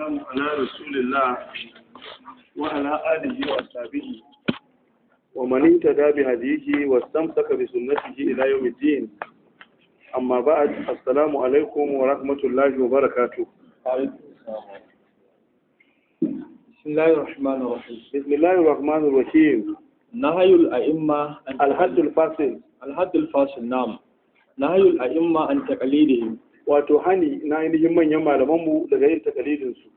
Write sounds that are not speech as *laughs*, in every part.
والسلام على رسول الله وعلى آله وأصحابه ومن اهتدى بهديه واستمسك بسنته إلى يوم الدين أما بعد السلام عليكم ورحمة الله وبركاته بسم الله الرحمن الرحيم بسم الله الرحمن الرحيم نهي الأئمة الحد الفاصل الحد الفاصل نعم نهي الأئمة عن تقليدهم wato hani na ainihin manyan malamanmu daga yin takalidin su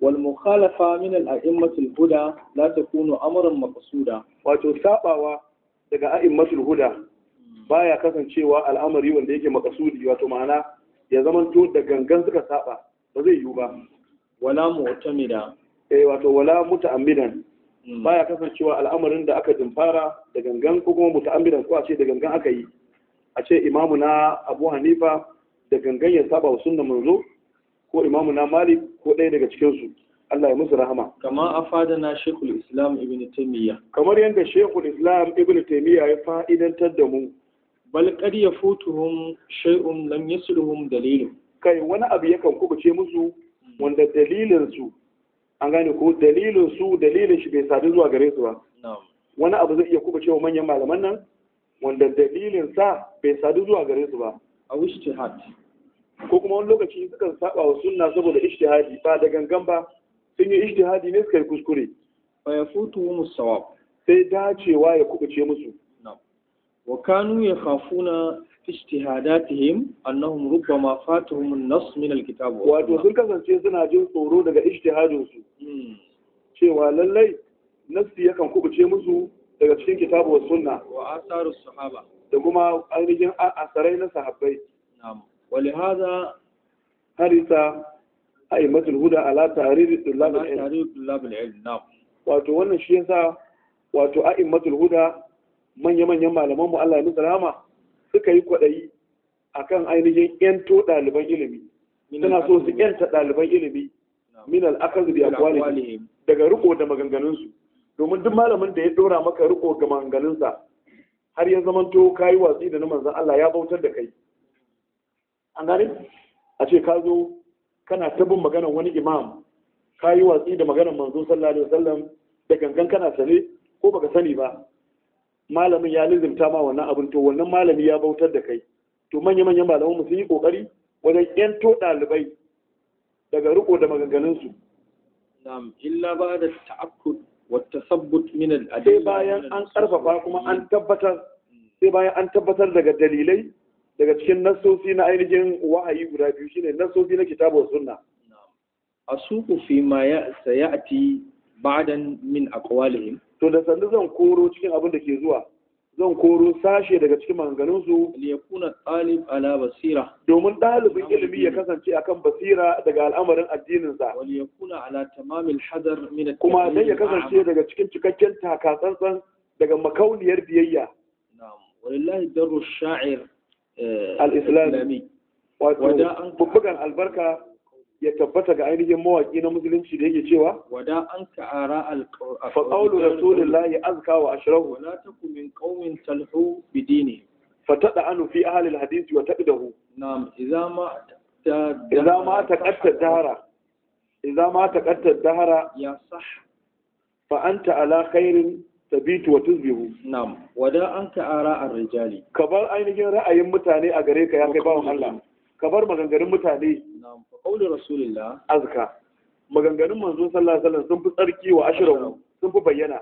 wal mukhalafa min al a'immatul huda la takunu amran maqsuda wato sabawa daga a'immatul huda baya kasancewa al'amari wanda yake makasudi wato ma'ana ya zama to da gangan suka saba ba zai yiwu ba wala mu'tamida eh wato wala muta'ammidan hmm. baya kasancewa al'amarin da aka dimfara da gangan ko kuma muta'ammidan ko a ce da gangan aka yi a ce imamu na abu hanifa da gangan ya saba wa da manzo ko imamu na malik ko ɗaya daga cikinsu Allah ya musu rahama Kamar a fada na shekul islam ibn taimiyya kamar yadda shekul islam ibn taimiyya ya fa'idantar da mu bal qad yafutuhum shay'un lam yasluhum dalilun kai wani abu yakan kubuce musu wanda dalilin su an gane ko dalilin su dalilin shi bai sadu zuwa gare su ba wani abu zai iya kubuce wa manyan malaman nan wanda dalilin sa bai sadu zuwa gare su ba a ijtihad ko kuma wani lokaci sukan saba wa sunna saboda ijtihadi ba da gangan ba sun yi ijtihadi ne suka yi kuskure fa mu musawab sai dacewa ya kubuce musu wa kanu yakhafuna ijtihadatihim annahum rubbama fatahum an-nass min al-kitab wato sun kasance suna jin tsoro daga ijtihadin su hmm. cewa lallai nassi yakan kubuce musu daga cikin kitabu wa sunna wa asarus sahaba da kuma ainihin asarai na sahabbai na'am ولهذا a أئمة الهدى على تعريف طلاب العلم تعريف wato wannan shi yasa wato a'immatul huda manya manyan malaman mu Allah ya musu rama suka yi a akan ainihin yanto ɗaliban ilimi suna so su yanta ɗaliban ilimi minal al da bi aqwalihim daga riko da maganganunsu. domin duk malamin da ya dora maka riko ga manganinsa har ya zamanto kayi watsi da na manzon Allah ya bautar da kai an gane a ce ka zo kana ta magana maganar wani imam ka yi watsi da maganar manzo sallallahu alaihi wasallam da gangan kana sane ko baka sani ba malamin ya lizimta ma wannan abin to wannan malami ya bautar da kai to manya manyan malaman mu sun yi kokari wajen yanto ɗalibai daga riko da maganganun su na'am illa ba da ta'akkud wata sabbut min al sai bayan an karfafa kuma an tabbatar sai bayan an tabbatar daga dalilai daga cikin nassosi na ainihin wahayi guda biyu shine nassosi na kitabu sunna asuku fi ma ya sayati ba'dan min aqwalihim to da sannu zan koro cikin abin da ke zuwa zan koro sashe daga cikin maganganunsu liyakuna ɗalib ala basira domin ɗalibin ilimi ya kasance akan basira daga al'amarin addininsa waliyakuna ala tamamil hadar min kuma dan ya kasance daga cikin cikakken takatsantsan daga makauniyar biyayya na'am walillahi darru sha'ir eh, al-islami wato bubbugan albarka ya tabbata ga ainihin mawaƙi na musulunci da yake cewa wada an ka ara alƙawar fa qawlu rasulillahi azka wa ashrahu wala taku min qaumin talhu bidini fa tad'anu fi ahli alhadith wa taqdahu na'am idza ma idza ma taqatta dahara idza ma taqatta dahara ya sah fa anta ala khairin tabitu wa tuzbihu na'am wada an ka ara ar-rijali kabar ainihin ra'ayin mutane a gare ka ya kai bawon Allah ka bar maganganun mutane qaulur rasulillah azka maganganun manzo sallallahu alaihi wasallam sun fi tsarki wa ashrahu sun fi bayyana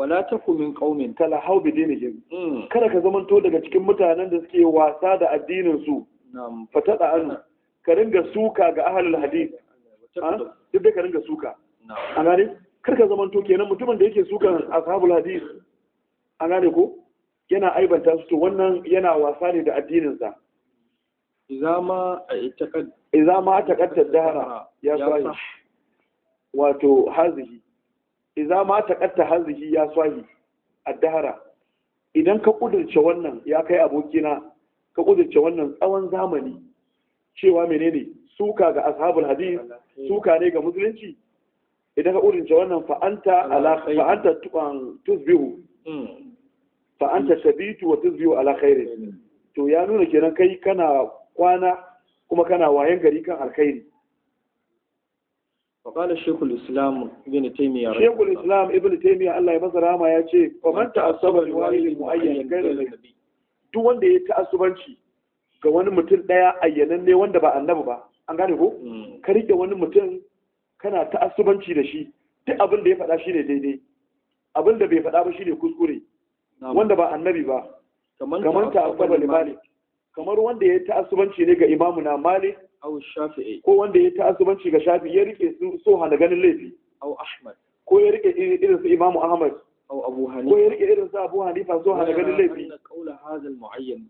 wala taku min qaumin talahau bi dinihim hmm. kada ka zamanto daga cikin mutanen da suke wasa da addinin su fatada an ka ringa suka ga ahlul hadith duk da ka ringa suka a gane kar ka zamanto kenan mutumin da yake sukan ashabul hadith a gane ko yana aibanta su to wannan yana wasa ne da addinin sa Iza ma ta ƙattar ya swahi. a dahara. Idan ka ƙudurce wannan ya kai abokina, ka ƙudurce wannan tsawon zamani. Cewa menene suka ga ashabul hadis, suka ne ga musulunci. Idan ka ƙudurce wannan fa'anta tusbihu. wa tusbihu ala To ya nuna kenan kai kana kwana kuma kana wayan gari kan alkhairi shaykhul Islam Ibn taymiya shaykhul islam ibn taymiya Allah ya masa rahama ya ce faman ta'assaba li walidin mu'ayyan ghayra nabi duk wanda ya ta'assubanci ga wani mutum daya ayyanan ne wanda ba annabi ba an gane ko hmm. ka rike wani mutum kana ta'assubanci da shi duk abin da ya faɗa shine daidai abin da bai faɗa ba shine kuskure wanda ba annabi ba kamar ta'assaba li malik kamar wanda ya ta'asubanci ne ga imamu na malik shafi'i ko wanda ya ta'asubanci ga shafi'i ya rike so hana ganin laifi ahmad ko ya rike irin su imamu ahmad abu hanifa ko ya rike irin su abu hanifa so hana ganin laifi qawla hadha al-mu'ayyan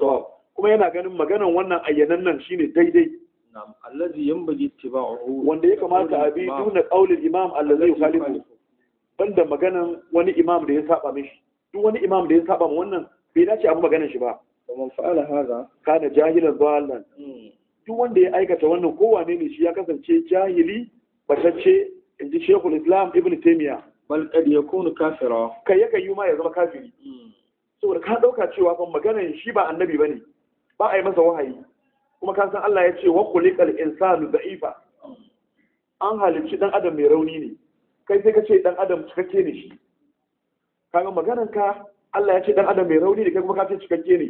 sawab kuma yana ganin maganan wannan ayyanan nan shine daidai na'am allazi ittiba'uhu wanda ya kamata a bi duna qawlil imam allazi yukhalifu banda maganan wani imam da ya saba mishi duk wani imam da ya saba wannan bai dace abu maganan shi ba wa man fa'ala hadha kana jahilan duk wanda ya aikata wannan kowane ne shi ya kasance jahili batacce ji shekul islam ibn taymiya bal ya yakunu kafira kai yakan yi ma ya zama kafiri hmm. saboda ka dauka cewa fa magana shi ba annabi bane ba a yi masa wahayi kuma ka san Allah ya ce wa kulikal insanu da'ifa hmm. an halicci dan adam mai rauni ne kai sai ka ce dan adam cikakke ne shi kaga maganar ka Allah ya ce dan adam mai rauni ne kai kuma ka ce cikakke ne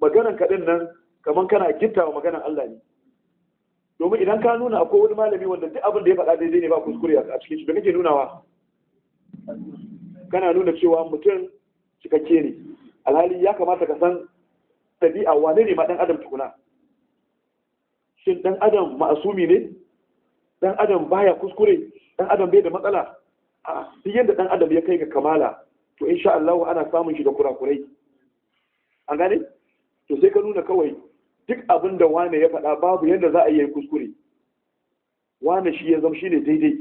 maganan kaɗin nan kamar kana wa maganan Allah ne domin idan ka nuna akwai wani malami wanda duk abin da ya faɗa daidai ne ba kuskure a cikin shi da kake nunawa kana nuna cewa mutum cikakke ne alhali ya kamata ka san ɗabi'a wane ne ma ɗan adam tukuna shin ɗan adam ma'asumi ne ɗan adam baya kuskure ɗan adam bai da matsala a duk yadda ɗan adam ya kai ga kamala to insha Allah ana samun shi da kurakurai an gane to sai ka nuna kawai duk abin da wane ya faɗa babu yadda za a yi kuskure wane shi ya zama shi ne daidai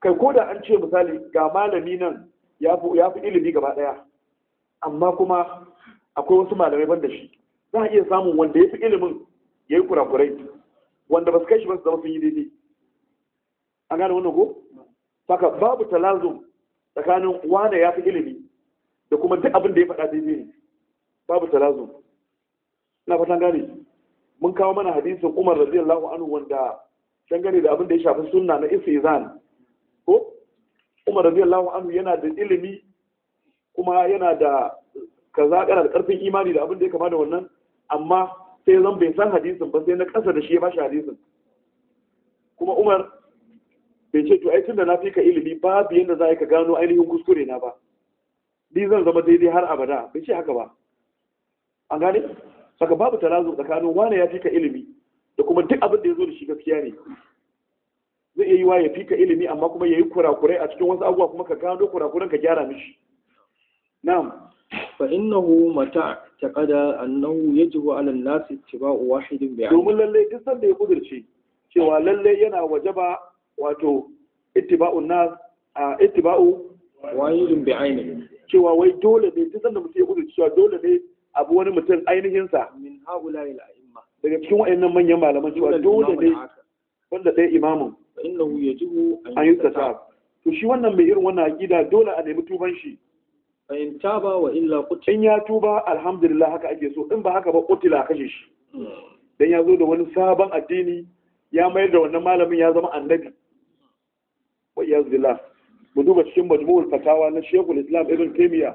kai ko da an ce misali ga malami nan ya fi ilimi gaba ɗaya amma kuma akwai wasu malamai ban da shi za a iya samun wanda ya fi ilimin ya yi kurakurai wanda ba su kai shi ba su zama sun yi daidai an gane wannan ko saka babu talazum tsakanin wane ya fi ilimi da kuma duk abin da ya faɗa daidai ne babu talazun ina fatan gane mun kawo mana hadisin Umar radiyallahu anhu wanda dangane da abin da ya shafi sunna na istizan ko Umar radiyallahu anhu yana da ilimi kuma yana da kaza kana da karfin imani da abin da ya kama da wannan amma sai zan bai san hadisin ba sai na kasa da shi ya bashi hadisin kuma Umar bai ce to ai da na fi ka ilimi babu yanda za ka gano ainihin kuskure na ba ni zan zama daidai har abada bai ce haka ba an gane saka babu tarazu tsakanin wane ya fika ilimi da kuma duk abin da ya zo da shi gaskiya ne zai iya yi wa ya fika ilimi amma kuma ya yi kurakurai a cikin wasu abubuwa kuma ka gano kurakuran ka gyara mishi na'am fa innahu mata taqada annahu yajibu ala an-nas ittiba'u wahidin bi'an domin lalle duk sanda ya kudirce cewa lalle yana wajaba wato ittiba'u nas ittiba'u wahidin bi'aini cewa wai dole ne duk sanda mutum ya kudirce cewa dole ne abu wani mutum ainihin sa min daga cikin wayannan manyan malaman cewa dole ne wanda ɗaya imamin An yajibu an yustatab to shi wannan mai irin wannan aqida dole a nemi tuban shi fa in taba wa illa qutila in ya tuba alhamdulillah haka ake so in ba haka ba qutila kashe shi dan ya zo da wani sabon addini ya mayar da wannan malamin ya zama annabi wa yazilla mu duba cikin majmu'ul fatawa na shekul islam ibn Taymiyyah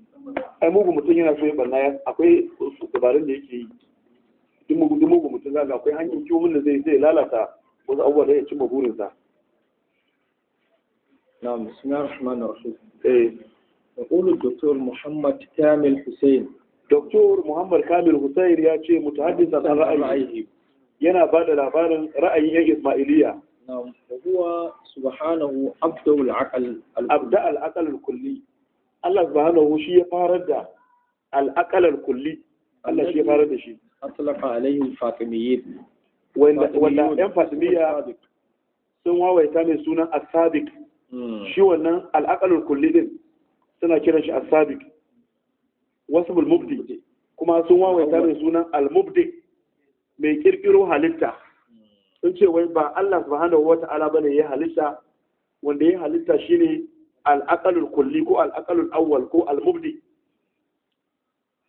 ai mugu mutum yana so ya barna akwai dabarun da yake yi duk mugun mutum zaga akwai hanyar kiwon da zai zai lalata wasu abubuwa da ya ci maburinsa na musulman rahman na rasu eh da ƙulun doktor muhammad kamil hussein doktor muhammad kamil hussein ya ce mutu haddisa ta ra'ayi yana ba da labarin ra'ayin yan ismailiya na muhuwa subhanahu abdul akal al-kulli Allah subhanahu shi ya farar da al'aqalar kulli Allah shi ya farar da shi aslafa alaihim fatimiyyin wanda wanda ɗan fatimiyya sun wawaita mai sunan Asabik. Hmm. shi wannan al'aqalar kulli din suna kiran shi Asabik. wasu mubdi kuma sun wawaita mai sunan al-mubdi mai kirkiro halitta hmm. sun ce wai ba Allah subhanahu wata'ala bane ya halitta wanda ya halitta shine al’akal kulli ko al’akal awwal ko al’ubdi.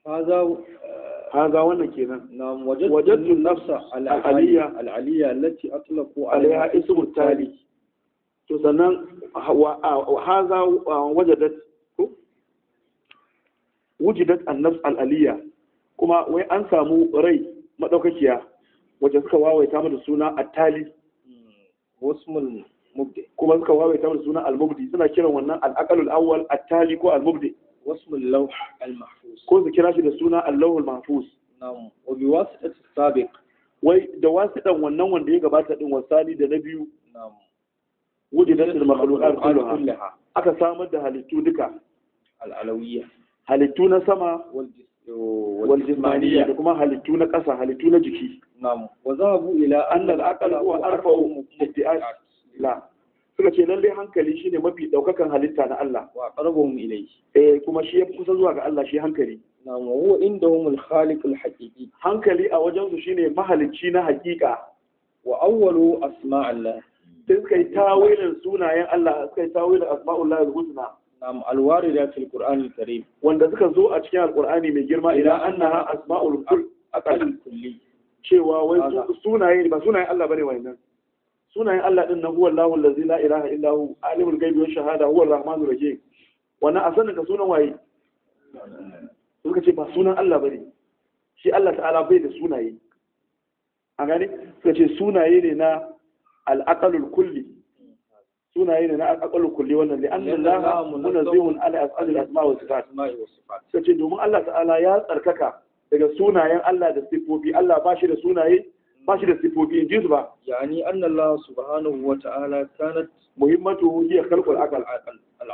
Haza wannan ke nan. Wajen nafsa al’aliyya lati atlaku al’aliyya isi mutali. To sannan haza wajadat ko? Wujidat annafs al’aliyya kuma wai an samu rai maɗaukakiya wajen suka wawaita mata suna attali. Wasu mulmul. kuma suka wawe ta suna al-mubdi suna kiran wannan al-aqalul awwal at-tali ko al-mubdi wasmul lawh al-mahfuz ko su kira shi da suna al-lawh al-mahfuz na'am wa bi wasitati sabiq wai da wasitan wannan wanda ya gabata din wasali da na biyu na'am wujidat al-makhluqat kullaha aka samar da halittu duka al-alawiyya halittu na sama wal jismaniya da kuma halittu na ƙasa halittu na jiki na'am wa zahabu ila anna al-aqal huwa arfa'u mubdi'at la suka ce lalle hankali shine mafi daukakan halitta na Allah wa qarabum ilayhi eh kuma shi ya kusa zuwa ga Allah shi hankali na huwa indahum al-khaliq al-haqiqi hankali a wajen su shine mahalicci na hakika. wa awwalu asma' Allah sai suka yi tawilin sunayen Allah suka yi tawilin asma'ullah al-husna nam al-warida fil qur'an al-karim wanda suka zo a cikin al-qur'ani mai girma idan annaha asma'ul kull aqal kulli cewa wai sunaye ba sunayen Allah bane wannan sunayen Allah din na huwa Allahu allazi la ilaha illa hu alimul ghaibi wa shahada huwa arrahmanur rahim wannan a sanin ka sunan waye suka ce ba sunan Allah bane shi Allah ta'ala bai da sunaye a gani? suka ce sunaye ne na al-aqalul kulli sunaye ne na al-aqalul kulli wannan da annallaha munazzihun ala as'alil asma' wa sifat suka ce domin Allah ta'ala ya tsarkaka daga sunayen Allah da sifofi Allah ba shi da sunaye ba shi da sifofi in ji su ba yani Allah subhanahu wa ta'ala kanat muhimmatuhu hiya khalqul aqal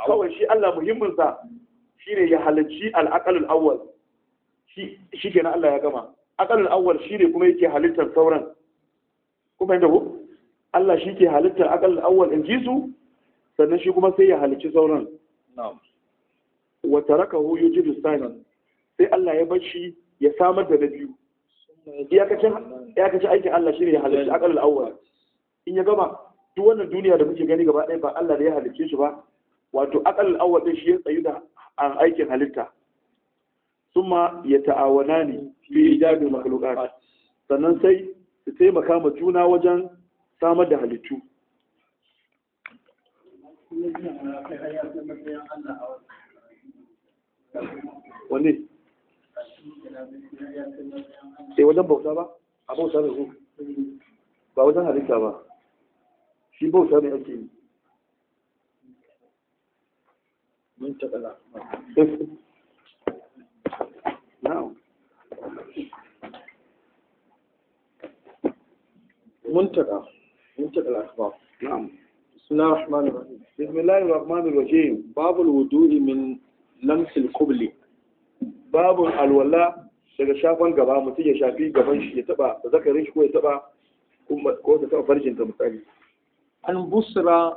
kawai shi Allah muhimmin sa shine ya halacci al-aqalul awwal shi shikenan Allah ya gama aqalul awwal shine kuma yake halittar sauran kuma inda ku Allah shi ke halittar aqalul awwal in ji su sannan shi kuma sai ya halicci sauran na'am wa tarakahu yujidu sanan sai Allah ya bar shi ya samar da na biyu iyakacin aikin Allah shi ne ya halarci akal al'awwal in ya gama duk wannan duniya da muke gani gaba ɗaya ba Allah da ya halicce shi ba wato akal al'awwal din shi ya tsayu da aikin halitta summa ya ta'awana ne fi ijadu makhluqat sannan sai su taimaka ma juna wajen samar da halittu sai eh, wajen bauta ba a bauta da su ba wajen halitta ba shi bauta ne ake yi mun taɓala منتقى منتقى الأخبار نعم بسم الله الرحمن الرحيم بسم الله الرحمن الرحيم باب الوضوء من لمس القبلي babu alwala daga shafan gaba mutum ya shafi gaban shi ya taba zakarin shi ko ya taba ko ta taba farjin ta misali an busra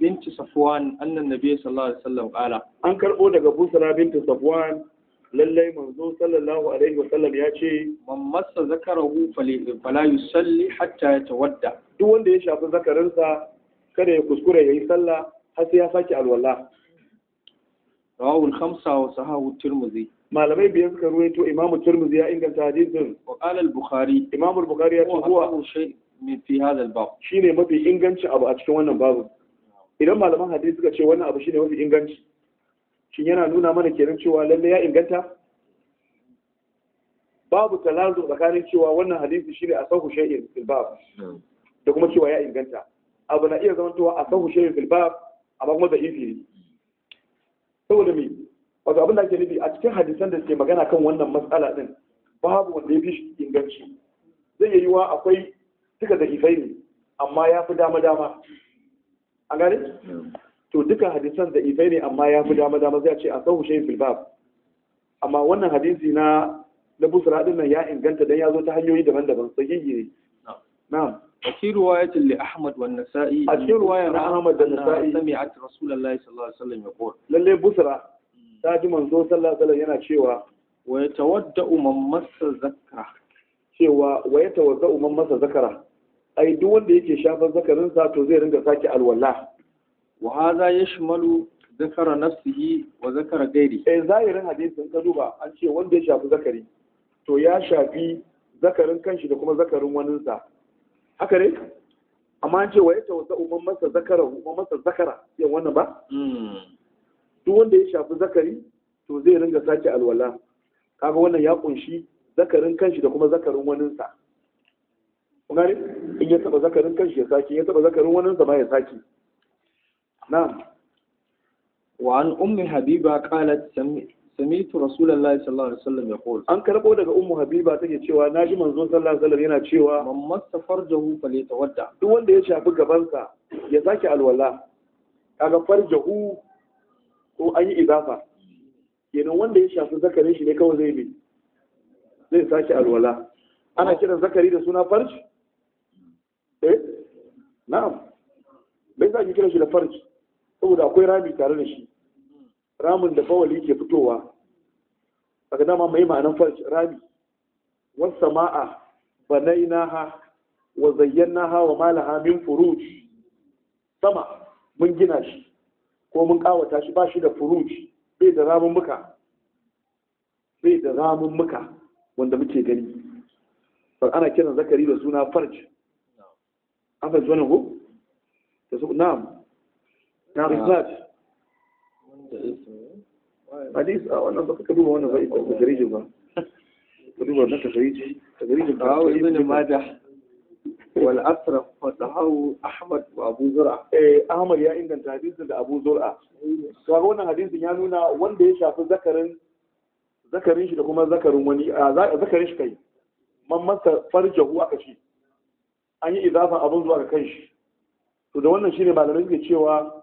binti safwan annan nabi sallallahu alaihi wasallam qala an karbo daga busra binti safwan lallai manzo sallallahu alaihi wasallam ya ce man massa zakarahu fala yusalli hatta yatawadda duk wanda ya shafi zakarinsa kada ya kuskure yayi sallah har sai ya saki alwala Rawul khamsa wa sahahu tirmidhi malamai biyar suka ruwaito imamu tirmidhi ya inganta hadisin wa qala al-bukhari imamu al-bukhari ya ce huwa min fi hadha al-bab shine mafi inganci abu a cikin wannan babu idan malaman hadisi suka ce wannan abu shine mafi inganci shin yana nuna mana kenan cewa lalle ya inganta babu talazu tsakanin cewa wannan hadisi shine asahu shay'in fil bab hmm. da kuma cewa ya inganta abu na iya zamantowa asahu shay'in fil bab amma kuma da ifi ne saboda me wato abin da ake nufi a cikin hadisan da suke magana kan wannan matsala din babu wanda ya fi inganci zai yi yiwuwa akwai duka da hifai ne amma ya fi dama dama a gane to duka hadisan da ifai ne amma ya fi dama dama zai ce a sahu shayin filbab amma wannan hadisi na na busra din nan ya inganta dan ya zo ta hanyoyi daban-daban sahihi ne na'am في رواية لأحمد والنسائي في رواية ahmad da nasa'i رسول rasulullahi sallallahu alaihi wasallam ya qul lalle busra ta ji manzo sallallahu alaihi yana cewa wa yatawadda'u man masa zakara cewa wa yatawadda'u man masa zakara ai duk wanda yake shafan zakarin sa to zai ringa sake alwala wa hadha yashmalu zakara nafsihi wa zakara gairi eh zahirin hadisin ka duba an ce wanda ya shafi zakari to ya shafi zakarin kanshi da kuma zakarin waninsa haka ne amma an ce wa yatawadda'u man masa zakara man masa zakara yan wannan ba hmm. duk wanda ya shafi zakari to zai ringa sake alwala kaga wannan ya kunshi zakarin kanshi da kuma zakarin waninsa kun ne? in ya taba zakarin kanshi ya sake ya taba zakarin waninsa ma ya sake na'am wa an ummi habiba qalat sami'tu rasulullahi sallallahu alaihi wasallam yaqul an karbo daga ummu habiba take cewa naji manzo sallallahu alaihi wasallam yana cewa man mastafarjahu falyatawadda duk wanda ya shafi gabansa ya sake alwala kaga farjahu ko an yi izafa. kenan wanda ya shafi zakarin shi ne kawai zai bi zai sake alwala ana kiran zakari da suna farji eh na'am bai sa ki kira shi da farji saboda akwai rami tare da shi ramin da bawali ke fitowa daga dama mai ma'anan farji rami wasu sama'a banainaha wa zayyanaha wa malaha min furuj sama mun gina shi ko mun kawata shi ba shi da furuj bai da ramummuka bai da ramummuka wanda muke gani Ba ana kiran zakari da suna farj an fahimci wannan ko da su na'am na isnad hadis a wannan baka duba wannan ba ita ba ba ka duba wannan ka sariji ka sariji ba wa ibn majah wal asraf fadahu ahmad زرع abu eh, ahmad ya inganta hadisin da abu zur'a to hadisin ya nuna wanda ya shafi zakarin shi da kuma zakarin wani zakarin shi kai man masa farjahu aka ce an yi abun zuwa ga kanshi to da wannan shine malamai suke cewa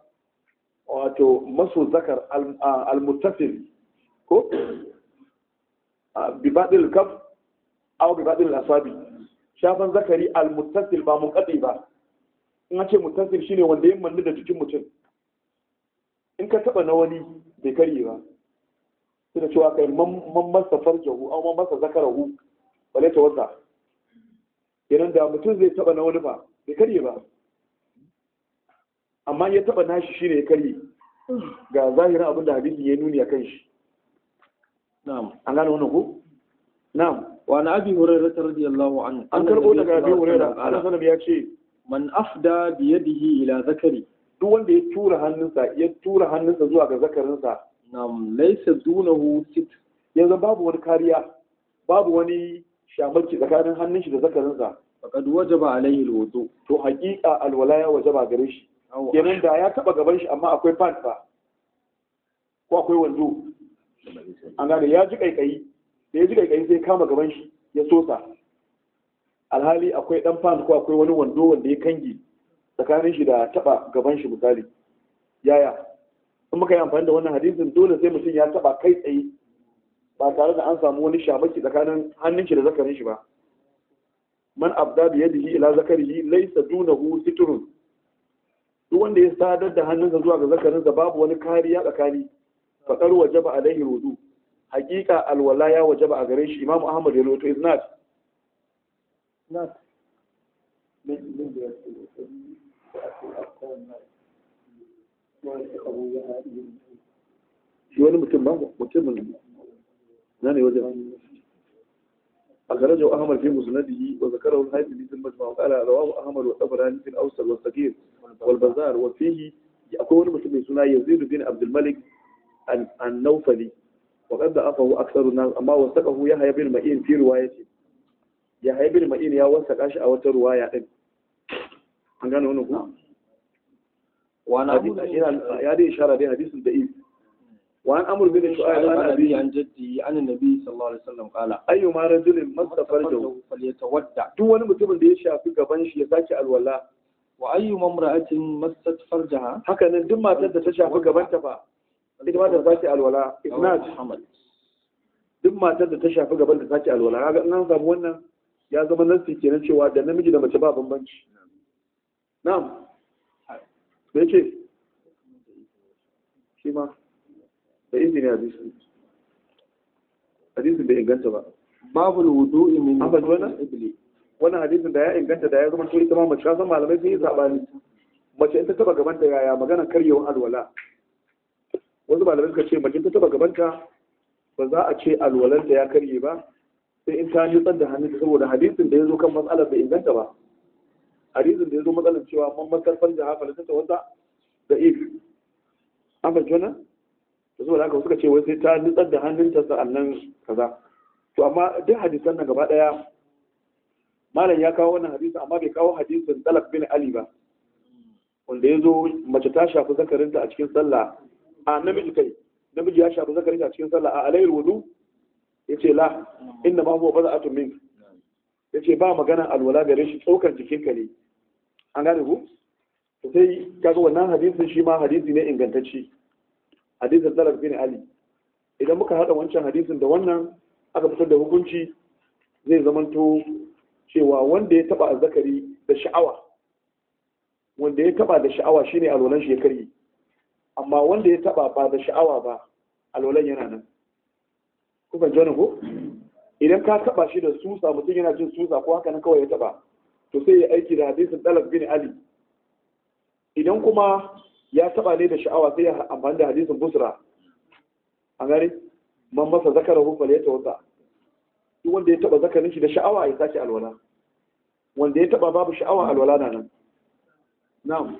wato maso zakar al-muttasil ko bi badil kaf aw bi badil shafan zakari al-muttasil ba muqaddi ba in ce muttasil shine wanda ya manni da jikin mutum in ka taba na wani bai karye ba suna cewa kai man masa farjahu an man masa zakarahu bale ta wasa idan da mutum zai taba na wani ba bai karye ba amma ya taba nashi shine ya karye ga zahirin abin da hadisi ya nuni a kan shi na'am an gane wannan ko na'am wa na abi hurairah radiyallahu anhu an karbo daga abi hurairah annabi sallallahu ya ce man afda bi yadihi ila zakari duk wanda ya tura hannunsa ya tura hannunsa zuwa ga zakarinsa nam laysa dunahu sit yanzu babu wani kariya babu wani shamarci tsakanin hannun da zakarinsa faqad wajaba alaihi alwudu to haqiqa alwalaya wajaba gare shi kenan da ya taba gaban shi amma akwai pant fa ko akwai wando an gane ya ji kaikayi da ya ji ƙaiƙayi zai kama gaban shi ya sosa alhali akwai dan fan ko akwai wani wando wanda ya kange tsakanin shi da taba gaban shi misali yaya in muka yi amfani da wannan hadisin dole sai mutum ya taba kai tsaye ba tare da an samu wani shamaki tsakanin hannun shi da zakarin shi ba man abda bi yadihi ila zakarihi laysa dunahu siturun duk wanda ya sadar da hannunsa zuwa ga zakarin sa, babu wani kariya tsakani ba a alaihi rudu' haƙiƙa alwala ya wajaba a gare shi imamu ya loto is not not shi wani mutum ba mutum na ne wajen a gare jau ahmad fi musnadihi wa zakara wa haifin nisan majma wa kala rawahu ahmad akwai wani mutum mai suna yazidu bin abdulmalik an naufali وقد ضعفه أكثر الناس أما وثقه يحيى بن معين في روايته يحيى بن معين يا وثق أشي أو رواية إن أن كان هنا وأنا يا دي إشارة دي حديث ضعيف وعن أمر بن شعيب عن أبي عن جدي عن النبي صلى الله عليه وسلم قال أيما رجل مس فرجه فليتودع دو wani mutumin da ya shafi gaban shi ya sake alwala wa ayyu mamra'atin massat farjaha haka nan duk matar da ta shafi gaban ta fa duk matar za ta alwala isnad duk matar da ta shafi gaban da ta ce alwala kaga in an samu wannan ya zama nasi kenan cewa da namiji da mace ba bambanci na'am me ce shi ma da izini a bisu hadisin bai inganta ba babul wudu'i min abad wannan wannan hadisin da ya inganta da ya zama to ita ma mace ka san malamai sun yi sabani mace in ta taba gaban da yaya magana karyewan alwala wasu malamai suka ce mace ta taba gabanta ba za a ce alwalanta ya karye ba sai in ta nutsar da hannunta saboda hadisin da ya zo kan matsalar bai inganta ba hadisin da ya zo matsalar cewa man karfan da hafa ta wata da if an fahimci wannan da saboda haka suka ce wai sai ta nutsar da hannunta sa'annan kaza to amma duk hadisan nan gaba daya malam ya kawo wannan hadisi amma bai kawo hadisin talab bin ali ba wanda ya zo mace ta shafi zakarinta a cikin sallah a namiji kai namiji ya shafi zakari a cikin sallah a alayil wudu ce la inna ma huwa bada'atun Ya yace ba magana alwala gare shi tsokar jikinka ne an gane ku sai kaga wannan hadisin shi ma hadisi ne ingantacci hadisin Talab bin Ali idan muka hada wancan hadisin da wannan aka fitar da hukunci zai zamanto cewa wanda ya taba azzakari da sha'awa wanda ya taba da sha'awa shine alwalan shi ya karye amma wanda ya taba ba da sha'awa ba alwalan yana nan ku ban jona ko idan ka taba shi da susa mutum yana jin susa ko haka nan kawai ya taba to sai ya aiki da hadisin dalab bin ali idan kuma ya taba ne da sha'awa sai ya amfani da hadisin busra a gari man masa zakara hukuma ya tawassa duk wanda ya taba zakarin shi da sha'awa ya sake alwala wanda ya taba babu sha'awa alwala na nan na'am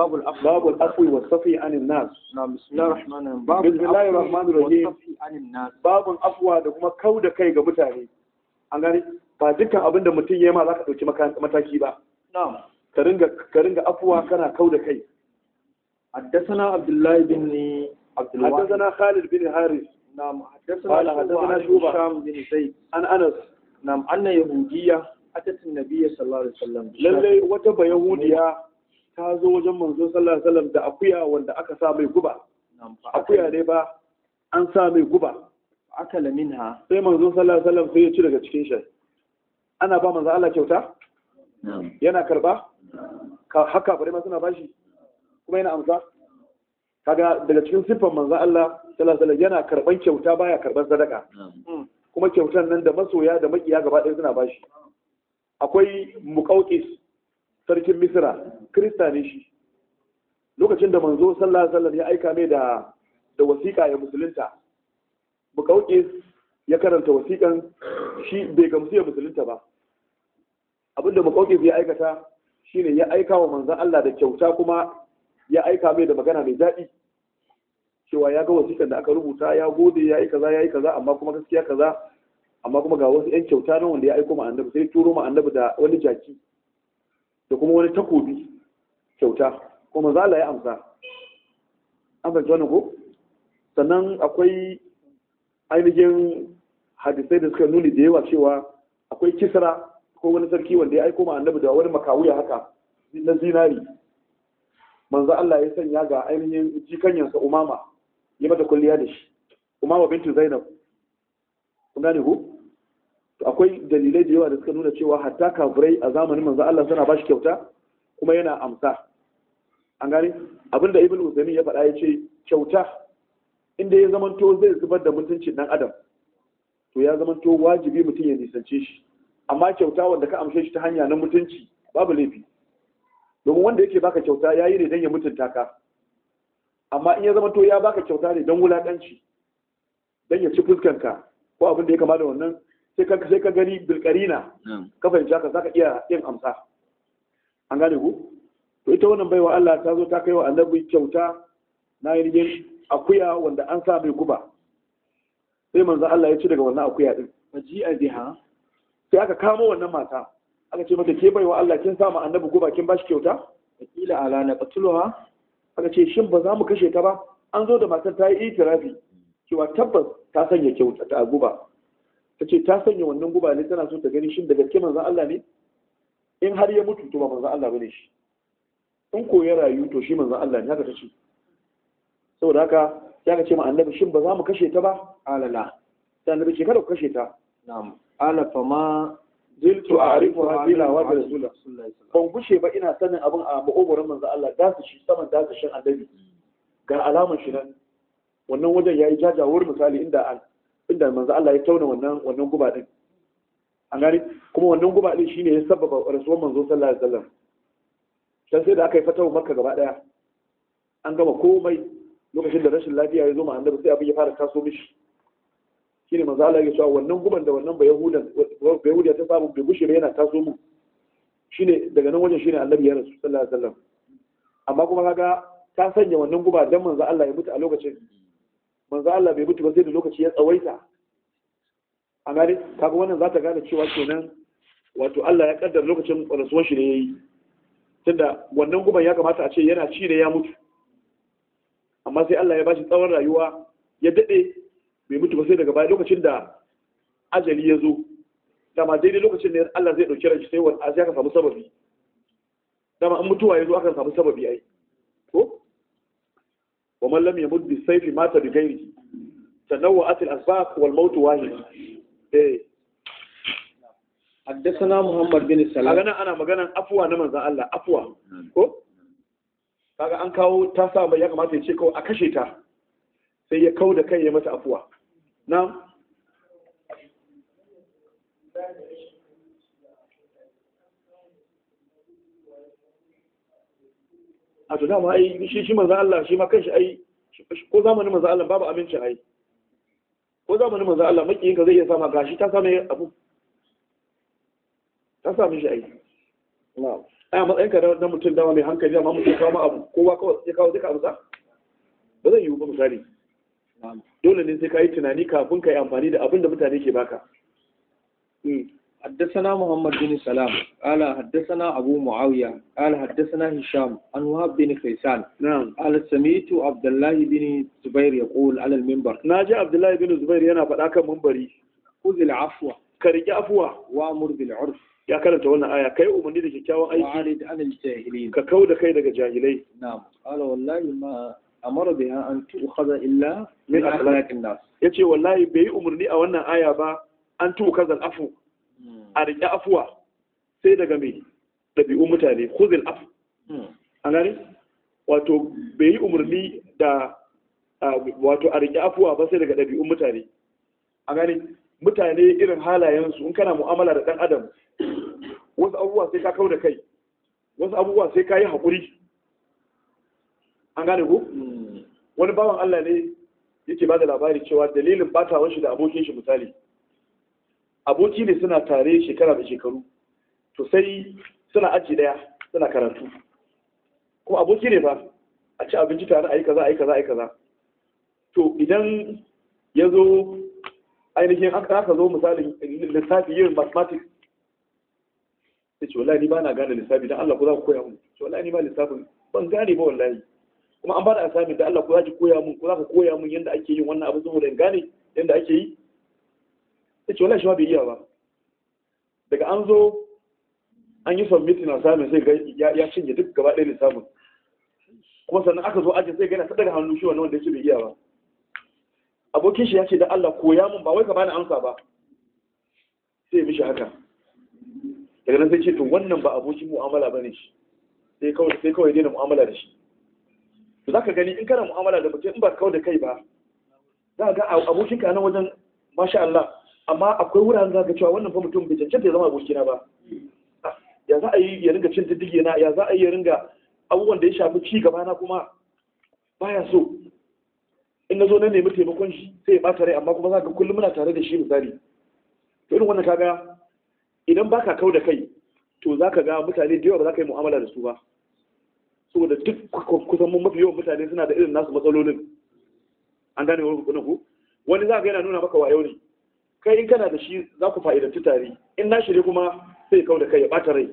باب العفو باب العفو والصفي عن الناس نعم بسم الله الرحمن الرحيم باب بسم الله الرحمن الرحيم والصفي عن الناس باب العفو da kuma kauda kai ga mutane an gani ba dukkan abin da mutum yayi ma zaka dauki mataki ba na'am ka ringa ka ringa afwa kana kauda kai حدثنا عبد الله بن عبد الواحد حدثنا خالد بن حارث نعم حدثنا قال حدثنا شوبة هشام بن زيد عن أنس نعم أن يهودية أتت النبي صلى الله عليه وسلم للي وتب يهودية ta zo wajen manzo sallallahu alaihi wasallam da akuya wanda aka sa mai guba akuya ne ba an sa mai guba akala minha sai manzo sallallahu alaihi wasallam sai ya ci daga cikin shi ana ba manzo Allah kyauta yana karba haka bare ma suna bashi kuma yana amsa kaga daga cikin siffar manzo Allah sallallahu alaihi yana karban kyauta baya karban sadaka hmm. kuma kyautan nan da masoya da makiya gaba ɗaya suna bashi akwai muqawqis sarkin Misira, krista ne shi lokacin da manzo sallallahu alaihi wasallam ya aika mai da da wasiƙa ya musulunta bukauki ya karanta wasiƙan shi bai gamsu ya musulunta ba abinda bukauki ya aikata shine ya aika wa manzon Allah da kyauta kuma ya aika mai da magana mai daɗi cewa ya ga wasiƙan da aka rubuta ya gode ya yi kaza ya yi kaza amma kuma gaskiya kaza amma kuma ga wasu 'yan kyauta na wanda ya aiko ma annabi sai turo ma annabi da wani jaki da kuma wani takobi kyauta kuma za ya amsa an fahimci wani ko sannan akwai ainihin hadisai da suka nuni da yawa cewa akwai kisra ko wani sarki wanda ya aiko ma annabi da wani makawuya haka na zinari manzo Allah ya sanya ga ainihin jikanyansa umama ya mata kulliya da shi umama bintu zainab kun gane ku akwai dalilai da yawa da suka nuna cewa hatta kafirai a zamanin manzo Allah suna bashi kyauta kuma yana amsa an gane abinda ibn Uthaymeen ya faɗa ya ce kyauta inda ya zamanto zai zubar da mutuncin dan adam to ya zamanto wajibi mutum ya nisance shi amma kyauta wanda ka amshe shi ta hanya na mutunci babu laifi domin wanda yake baka kyauta yayi ne dan ya mutunta ka amma in ya zamanto ya baka kyauta ne dan wulakanci dan ya ci fuskanka ko abin da ya kama da wannan sai ka sai ka gani bilkarina ka fahimci haka ka iya yin amsa an gane ku to ita wannan baiwa Allah ta zo ta kai wa annabi kyauta na yin akuya wanda an sa mai guba sai manzo Allah ya ci daga wannan akuya din faji a biha sai aka kamo wannan mata aka ce mata ke baiwa Allah kin sa ma annabi guba kin bashi kyauta akila ala na qatluha aka ce shin ba za mu kashe ta ba an zo da matar ta yi itirafi cewa tabbas ta sanya kyauta ta guba ta ce ta sanya wannan guba ne tana so ta gani shin da gaske manzan Allah ne in har ya mutu to ba manzan Allah bane shi in ko ya rayu to shi manzan Allah ne haka ta ce saboda haka ya ka ce ma annabi shin ba za mu kashe ta ba alala ta annabi ce kada ku kashe ta na'am ala fa ma ziltu a'rifu hadila wa rasulullahi ban gushe ba ina sanin abin a ma'obarin manzan Allah da su shi saman da su shin annabi mm. ga alaman shi nan wannan wajen yayi jajawar misali inda an inda manzo Allah ya tauna wannan wannan guba din an gani kuma wannan guba din shine ya sababa rasuwar manzo sallallahu alaihi wasallam dan sai da aka yi fatawa Makka gaba daya an gama komai lokacin da rashin lafiya ya zo ma annabi sai abin ya fara taso mishi shine manzo Allah ya ce wannan guban da wannan bayahudan bayahudiya ta samu bai bushe ba yana taso mu shine daga nan wajen shine annabi ya rasu sallallahu alaihi wasallam amma kuma kaga ta sanya wannan guba dan manzo Allah ya mutu a lokacin manzo Allah bai mutu ba sai da lokaci ya tsawaita a gane kaga wannan za ta gane cewa kenan wato Allah ya kaddara lokacin rasuwar shi ne yayi tunda wannan guban ya kamata a ce yana ci ne ya mutu amma sai Allah ya bashi tsawon rayuwa ya dade bai mutu ba sai daga baya lokacin da ajali ya zo dama daidai lokacin ne Allah zai dauki ranci sai wani aka samu sababi dama an mutuwa ya zo aka samu sababi ai ko wa man lam yamut bi sayfi mata bi ghairi tanawwa'at al-asbab wal maut wahid eh حدثنا محمد بن سلام أنا أنا مجانا أفوى نما زال الله أفوى ko kaga an kawo ta sa ya kamata ya ce kawai a kashe ta sai ya kau da kai ya mata afuwa na a to dama ai shi shi manzo Allah shi ma kanshi ai ko zamanin manzo Allah babu aminci ai ko zamanin manzo Allah makiyin ka zai iya sama gashi ta same abu ta same shi ai na'am ai matsayinka na mutum dama mai hankali amma mutum kawo abu kowa kawai ya kawo duka abu za ba zai yiwu ba misali dole ne sai ka yi tunani kafin ka yi amfani da abin da mutane ke baka hmm. حدثنا محمد bin سلام قال حدثنا ابو معاويه قال حدثنا هشام عن وهب بن كيسان نعم قال سمعت عبد الله بن زبير يقول على المنبر ناجى عبد الله yana faɗa kan منبري خذ العفو كرجي عفوا وامر بالعرف يا كلمه wannan aya kai umarni da kyakkyawan aiki ka kauda kai daga jahilai na'am wallahi ma amara biha an tu'khadha illa min akhlaqin nas yace wallahi bai umarni a wannan aya ba an tu'khadha al'afu Hmm. a riƙe afuwa sai daga mai ɗabi'un mutane khuzil afu. Hmm. a gani wato bai yi umarni da wato a riƙe afuwa ba sai daga ɗabi'un mutane a gani mutane irin halayensu in kana mu'amala da ɗan adam wasu abubuwa sai ka kau da kai wasu abubuwa sai ka yi haƙuri an gane ku hmm. wani bawan Allah ne yake ba da labari cewa dalilin bata shi da abokin shi misali aboki ne suna tare shekara da shekaru to sai suna aji daya suna karatu kuma aboki ne ba a ci abinci tare a yi kaza a yi kaza a yi kaza to idan ya zo ainihin aka zo misalin lissafi yin mathematics sai ce wallahi ni ba na gane lissafi dan Allah ko za ku koya mun ce wallahi ni ba lissafin ban gane ba wallahi kuma an ba da assignment da Allah ko za ki koya mun ko za ka koya mun yanda ake yin wannan abu saboda in gane yanda ake yi ya ce wala shi ma bai iya ba daga an zo an yi submitting samun sai ga ya cinye duk gaba ɗaya lissafin kuma sannan aka zo ajin sai ga yana ta daga hannu shi wannan wanda ya ce bai iya ba abokin shi ya ce da Allah koya mun ba wai ka bani amsa ba sai mishi haka daga nan sai ce to wannan ba abokin mu'amala ba ne shi sai kawai sai kawai daina mu'amala da shi to zaka gani in kana mu'amala da mutum in ba kawai da kai ba za ka ga abokin ka nan wajen masha Allah amma akwai wuraren za ka cewa wannan fa mutum bai cancanta ya zama abokina ba ya za a yi ya ringa cin diddige na ya za a yi ya ringa abubuwan da ya shafi ci gaba na kuma baya so in na zo na nemi taimakon shi sai ya bata rai amma kuma za ka kullum muna tare da shi misali to irin wannan kaga idan baka kau da kai to za ka ga mutane da yawa ba za ka yi mu'amala da su ba saboda duk kusan mafi yawan mutane suna da irin nasu matsalolin an gane wani ku wani za ka yana nuna maka wayo ne kai in kana da shi za ku fa'idanci tare in na shirye kuma sai kau da kai ya ɓata rai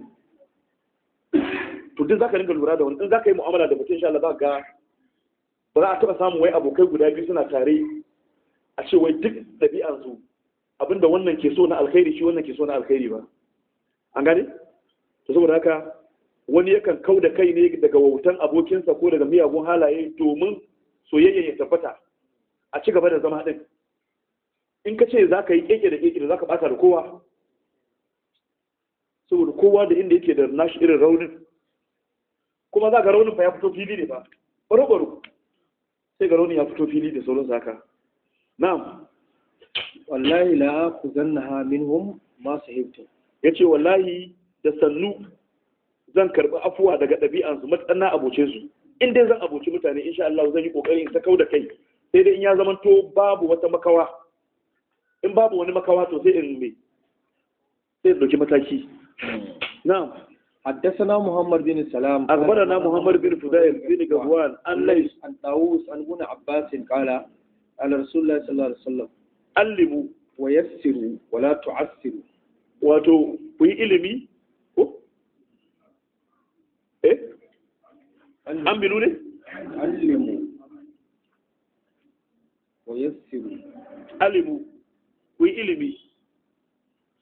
to za ka ringa lura da wani in za ka yi mu'amala da mutum insha Allah za ga ba za a taɓa samun wai abokai guda biyu suna tare a ce wai duk ɗabi'ansu abinda wannan ke so na alkhairi shi wannan ke so na alkhairi ba an gane to saboda haka wani yakan kau da kai ne daga wautan abokinsa ko daga miyagun halaye domin soyayya ya tabbata a ci gaba da zama din in ka ce za ka yi keke da keke da za ka bata da kowa saboda kowa da inda yake da nashi irin raunin kuma za ka raunin fa ya fito fili ne ba baro sai ga raunin ya fito fili da sauran saka na'am wallahi la ku zannaha minhum ma sahibtu yace wallahi da sannu zan karbi afuwa daga ɗabi'ansu matsana aboce su in dai zan aboci mutane insha Allah zan yi kokari in sakau da kai sai dai in ya zama to babu wata makawa in babu wani makawa to sai in me sai in doki mataki na'am حدثنا محمد بن سلام أخبرنا محمد بن فضيل بن غزوان عن ليس عن طاووس عن ابن عباس قال على رسول الله صلى الله عليه وسلم علموا ويسروا ولا تعسروا wato ku yi ilimi ko eh an bilu ne alimu wa yassiru alimu ku yi ilimi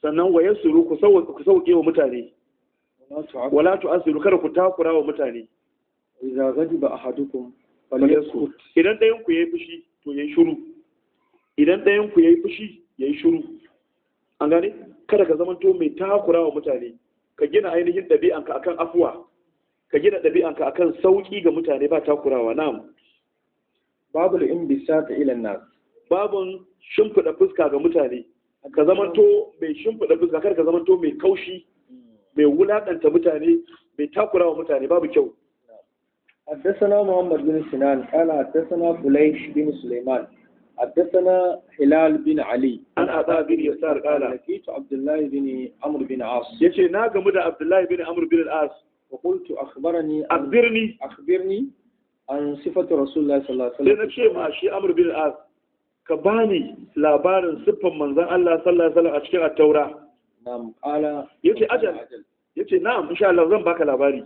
sannan wa yassuru ku sauke wa mutane wala asiru kada ku takura wa mutane gadi ba ahadukum idan dayan ku yayi fushi to yayi shiru idan dayan ku yayi fushi yayi shiru an gane kada ka zamanto mai takura wa mutane ka gina ainihin ɗabi'anka akan afuwa ka gina ɗabi'anka akan sauƙi ga mutane ba takurawa na'am babu in bisa ta nas babun shimfiɗa fuska ga mutane ka zamanto mai shimfiɗa fuska kar ka zamanto mai kaushi mai wulaɗanta mutane mai takura wa mutane babu kyau حدثنا محمد بن سنان قال حدثنا فليش بن سليمان حدثنا هلال بن علي عن عطاء بن يسار قال لقيت عبد الله بن عمرو بن عاص يجي ناقة مدى عبد الله بن عمرو بن العاص وقلت أخبرني أخبرني أخبرني عن صفة رسول الله صلى الله عليه وسلم لنبشي مع شي عمرو بن العاص ka bani labarin siffan manzon Allah sallallahu alaihi wasallam a cikin at-taura na'am qala yace ajal yace na'am insha Allah zan baka labari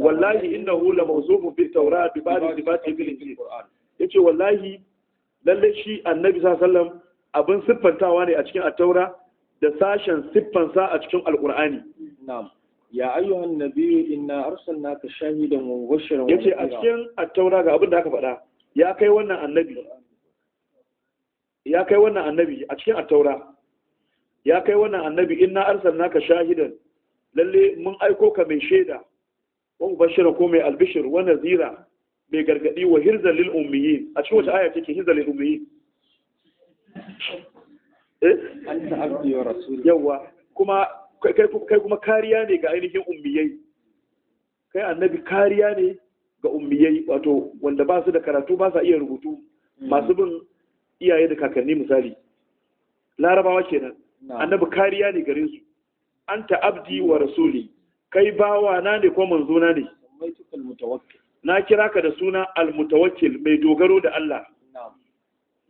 wallahi innahu la mawzubun bi at-taura bi ba'd sifati bil qur'an yace wallahi lalle shi annabi sallallahu alaihi wasallam abin siffantawa ne a cikin at-taura da sashen siffansa a cikin alqur'ani na'am ya ayyuhan nabiyyu inna arsalnaka shahidan wa mubashiran yace a cikin at-taura ga abin da aka faɗa ya kai wannan annabi ya kai wannan annabi a cikin attaura ya kai wannan annabi inna arsalnaka shahidan lalle mun aiko ka mai shaida wa mubashira ko mai albishir wa nazira mai gargadi wa hirzal lil ummiyin a cikin wata aya ke hirzal lil ummiyin *laughs* eh yawa kuma kai kuma kariya ne ga ainihin ummiyai kai annabi kariya ne ga ummiyai wato wanda ba su da karatu ba sa iya rubutu hmm. masu bin iyaye da kakanni misali larabawa kenan annabi kariya ne gare su anta abdi wa rasuli kai bawa na ne ko manzo na ne na kira ka da suna almutawakkil mai dogaro da Allah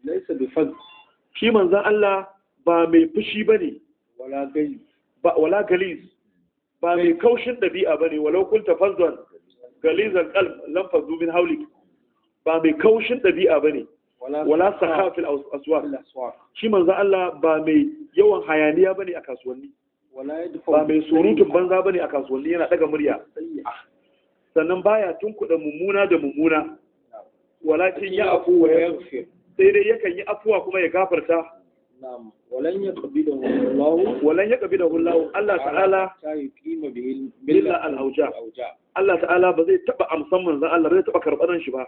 laisa bi fad shi manzon Allah ba mai fushi bane wala gali ba wala galiz ba mai kaushin dabi'a bane walau kun fazzan galizan qalb lam fazu min hawlik ba mai kaushin dabi'a bane wala saka fil aswaq shi manzo Allah ba mai yawan hayaniya bane a kasuwanni ba mai surutun banza bane a kasuwanni yana daga murya sannan baya tunkuda mummuna da mummuna walakin ya afu wa yaghfir sai dai yakan yi afuwa kuma ya gafarta na'am walan yaqbidahu Allah walan yaqbidahu Allah Allah ta'ala ta yuqima bihi bil al Allah ta'ala ba zai taba amsan manzo Allah ba zai taba karbaran shi ba